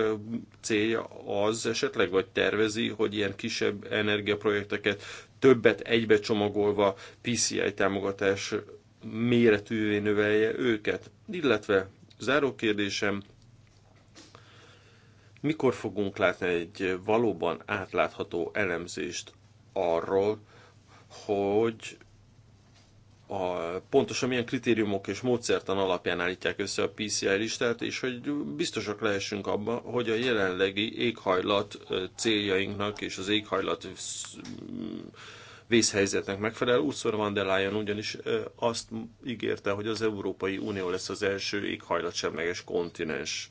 B: célja az esetleg, vagy tervezi, hogy ilyen kisebb energiaprojekteket többet egybe csomagolva PCI támogatás méretűvé növelje őket. Illetve záró kérdésem, mikor fogunk látni egy valóban átlátható elemzést arról, hogy a, pontosan milyen kritériumok és módszertan alapján állítják össze a PCI listát, és hogy biztosak lehessünk abban, hogy a jelenlegi éghajlat céljainknak és az éghajlat vészhelyzetnek megfelel. Úrszor van der Leyen ugyanis azt ígérte, hogy az Európai Unió lesz az első éghajlatsemleges kontinens.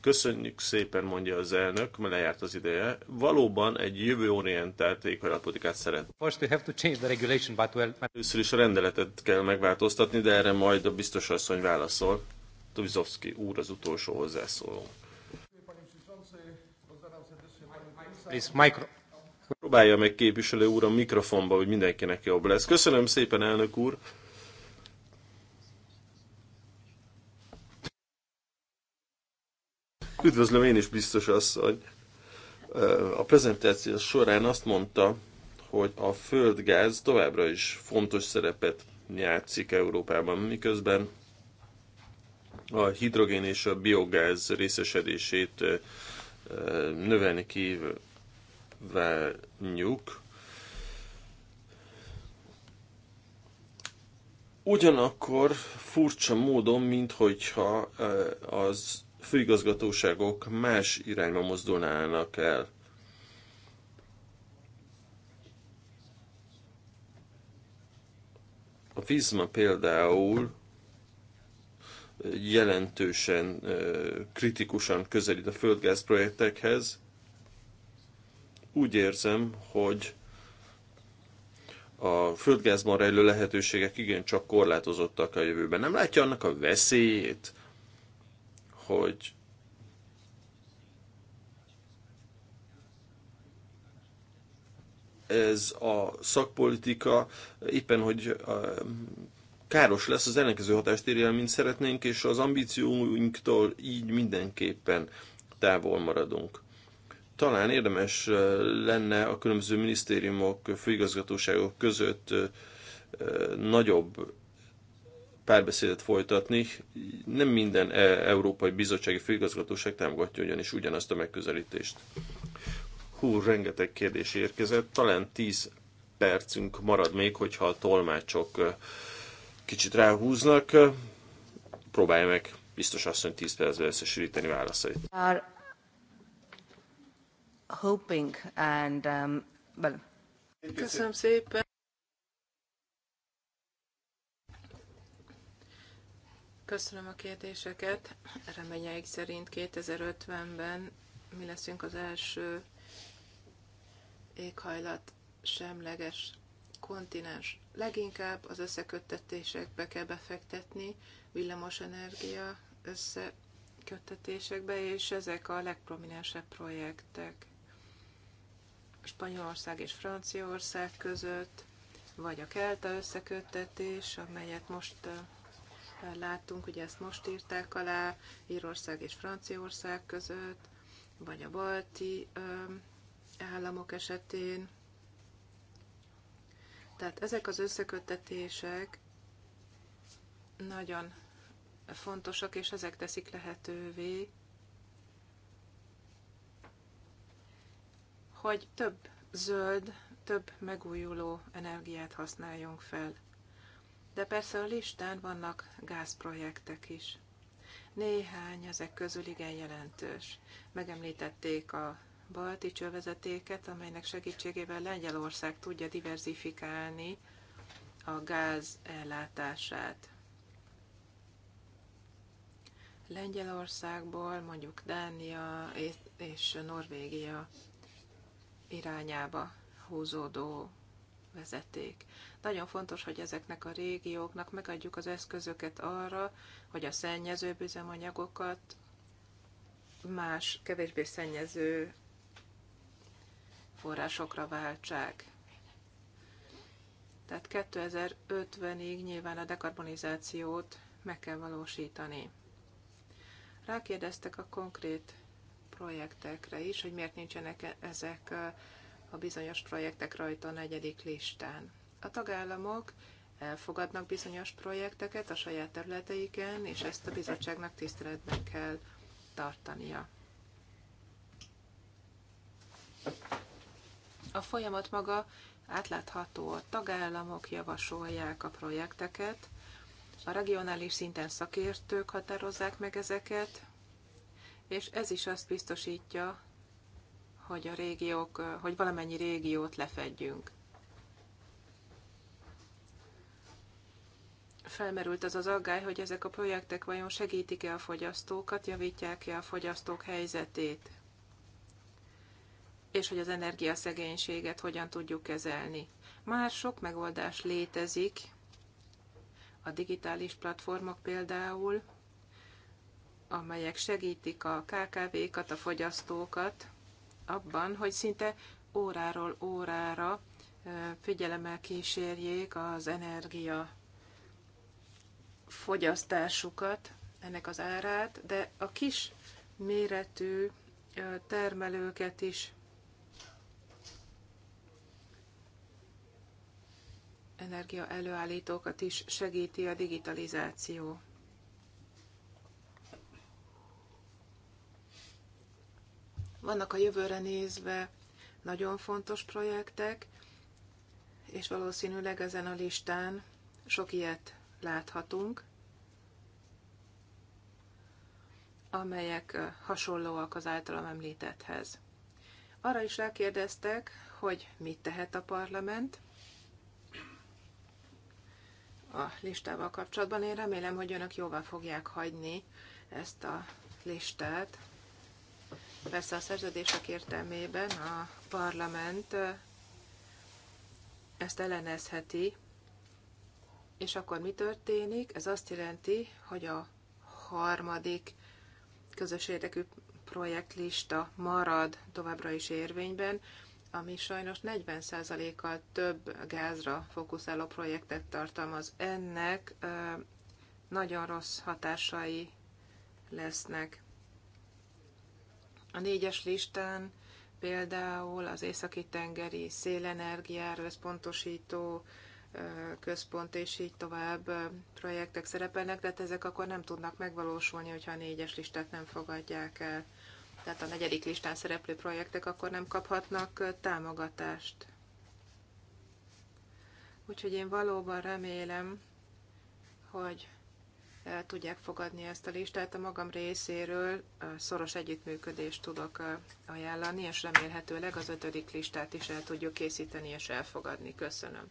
B: Köszönjük szépen, mondja az elnök, mert lejárt az ideje. Valóban egy jövőorientált éghajlatpolitikát szeret. First
A: we have to change the regulation, but well...
B: Először is a rendeletet kell megváltoztatni, de erre majd a biztos asszony válaszol. Tubizovski úr az utolsó hozzászóló. Please, micro. Próbálja meg képviselő úr a mikrofonba, hogy mindenkinek jobb lesz. Köszönöm szépen, elnök úr! Üdvözlöm én is, biztos asszony! A prezentáció során azt mondta, hogy a földgáz továbbra is fontos szerepet játszik Európában, miközben a hidrogén és a biogáz részesedését növelni kívül kívánjuk. Ugyanakkor furcsa módon, minthogyha eh, az főigazgatóságok más irányba mozdulnának el. A Vizma például jelentősen eh, kritikusan közelít a földgáz projektekhez, úgy érzem, hogy a földgázban rejlő lehetőségek igencsak korlátozottak a jövőben. Nem látja annak a veszélyét, hogy ez a szakpolitika éppen, hogy káros lesz, az ellenkező hatást érje el, mint szeretnénk, és az ambícióinktól így mindenképpen távol maradunk. Talán érdemes lenne a különböző minisztériumok, főigazgatóságok között nagyobb párbeszédet folytatni. Nem minden e, Európai Bizottsági Főigazgatóság támogatja ugyanis ugyanazt a megközelítést. Hú, rengeteg kérdés érkezett. Talán 10 percünk marad még, hogyha a tolmácsok kicsit ráhúznak. Próbálj meg, biztos azt, hogy 10 percben összesülíteni válaszait
A: hoping and um, well. Köszönöm szépen. Köszönöm a kérdéseket. Reményeik szerint 2050-ben mi leszünk az első éghajlat semleges kontinens. Leginkább az összeköttetésekbe kell befektetni, villamosenergia összeköttetésekbe, és ezek a legprominensebb projektek. Spanyolország és Franciaország között, vagy a kelta összeköttetés, amelyet most láttunk, ugye ezt most írták alá, Írország és Franciaország között, vagy a balti államok esetén. Tehát ezek az összeköttetések nagyon fontosak, és ezek teszik lehetővé, hogy több zöld, több megújuló energiát használjunk fel. De persze a listán vannak gázprojektek is. Néhány ezek közül igen jelentős. Megemlítették a balti csővezetéket, amelynek segítségével Lengyelország tudja diversifikálni a gáz ellátását. Lengyelországból mondjuk Dánia és Norvégia irányába húzódó vezeték. Nagyon fontos, hogy ezeknek a régióknak megadjuk az eszközöket arra, hogy a szennyező üzemanyagokat más, kevésbé szennyező forrásokra váltsák. Tehát 2050-ig nyilván a dekarbonizációt meg kell valósítani. Rákérdeztek a konkrét projektekre is, hogy miért nincsenek e- ezek a bizonyos projektek rajta a negyedik listán. A tagállamok elfogadnak bizonyos projekteket a saját területeiken, és ezt a bizottságnak tiszteletben kell tartania. A folyamat maga átlátható, a tagállamok javasolják a projekteket, a regionális szinten szakértők határozzák meg ezeket, és ez is azt biztosítja, hogy a régiók, hogy valamennyi régiót lefedjünk. Felmerült az az aggály, hogy ezek a projektek vajon segítik-e a fogyasztókat, javítják-e a fogyasztók helyzetét, és hogy az energiaszegénységet hogyan tudjuk kezelni. Már sok megoldás létezik, a digitális platformok például, amelyek segítik a KKV-kat, a fogyasztókat abban, hogy szinte óráról órára figyelemmel kísérjék az energia fogyasztásukat, ennek az árát, de a kis méretű termelőket is energia előállítókat is segíti a digitalizáció. Vannak a jövőre nézve nagyon fontos projektek, és valószínűleg ezen a listán sok ilyet láthatunk, amelyek hasonlóak az általam említetthez. Arra is rákérdeztek, hogy mit tehet a parlament a listával kapcsolatban. Én remélem, hogy önök jóvá fogják hagyni ezt a listát, Persze a szerződések értelmében a parlament ezt ellenezheti, és akkor mi történik? Ez azt jelenti, hogy a harmadik közös érdekű projektlista marad továbbra is érvényben, ami sajnos 40%-kal több gázra fókuszáló projektet tartalmaz. Ennek nagyon rossz hatásai lesznek. A négyes listán például az északi-tengeri szélenergiára összpontosító központ és így tovább projektek szerepelnek, tehát ezek akkor nem tudnak megvalósulni, hogyha a négyes listát nem fogadják el. Tehát a negyedik listán szereplő projektek akkor nem kaphatnak támogatást. Úgyhogy én valóban remélem, hogy el tudják fogadni ezt a listát. A magam részéről szoros együttműködést tudok ajánlani, és remélhetőleg az ötödik listát is el tudjuk készíteni és elfogadni. Köszönöm.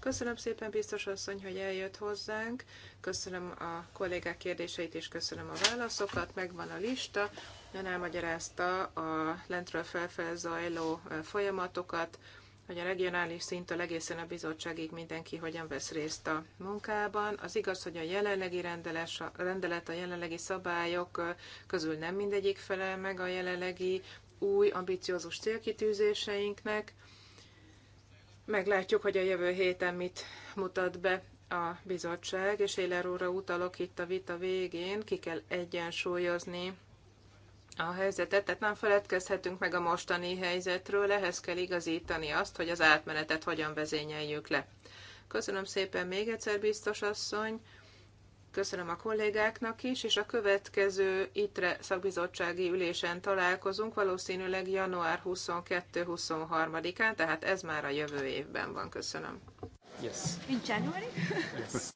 A: Köszönöm szépen, biztos asszony, hogy eljött hozzánk. Köszönöm a kollégák kérdéseit, és köszönöm a válaszokat. Megvan a lista. Ön elmagyarázta a lentről felfelé zajló folyamatokat, hogy a regionális szinttől egészen a bizottságig mindenki hogyan vesz részt a munkában. Az igaz, hogy a jelenlegi rendeles, a rendelet, a jelenlegi szabályok közül nem mindegyik felel meg a jelenlegi új, ambiciózus célkitűzéseinknek. Meglátjuk, hogy a jövő héten mit mutat be a bizottság, és Éler úrra utalok itt a vita végén, ki kell egyensúlyozni a helyzetet, tehát nem feledkezhetünk meg a mostani helyzetről, ehhez kell igazítani azt, hogy az átmenetet hogyan vezényeljük le. Köszönöm szépen még egyszer, biztos asszony, köszönöm a kollégáknak is, és a következő ITRE szakbizottsági ülésen találkozunk, valószínűleg január 22-23-án, tehát ez már a jövő évben van. Köszönöm.
B: Yes. In January? Yes.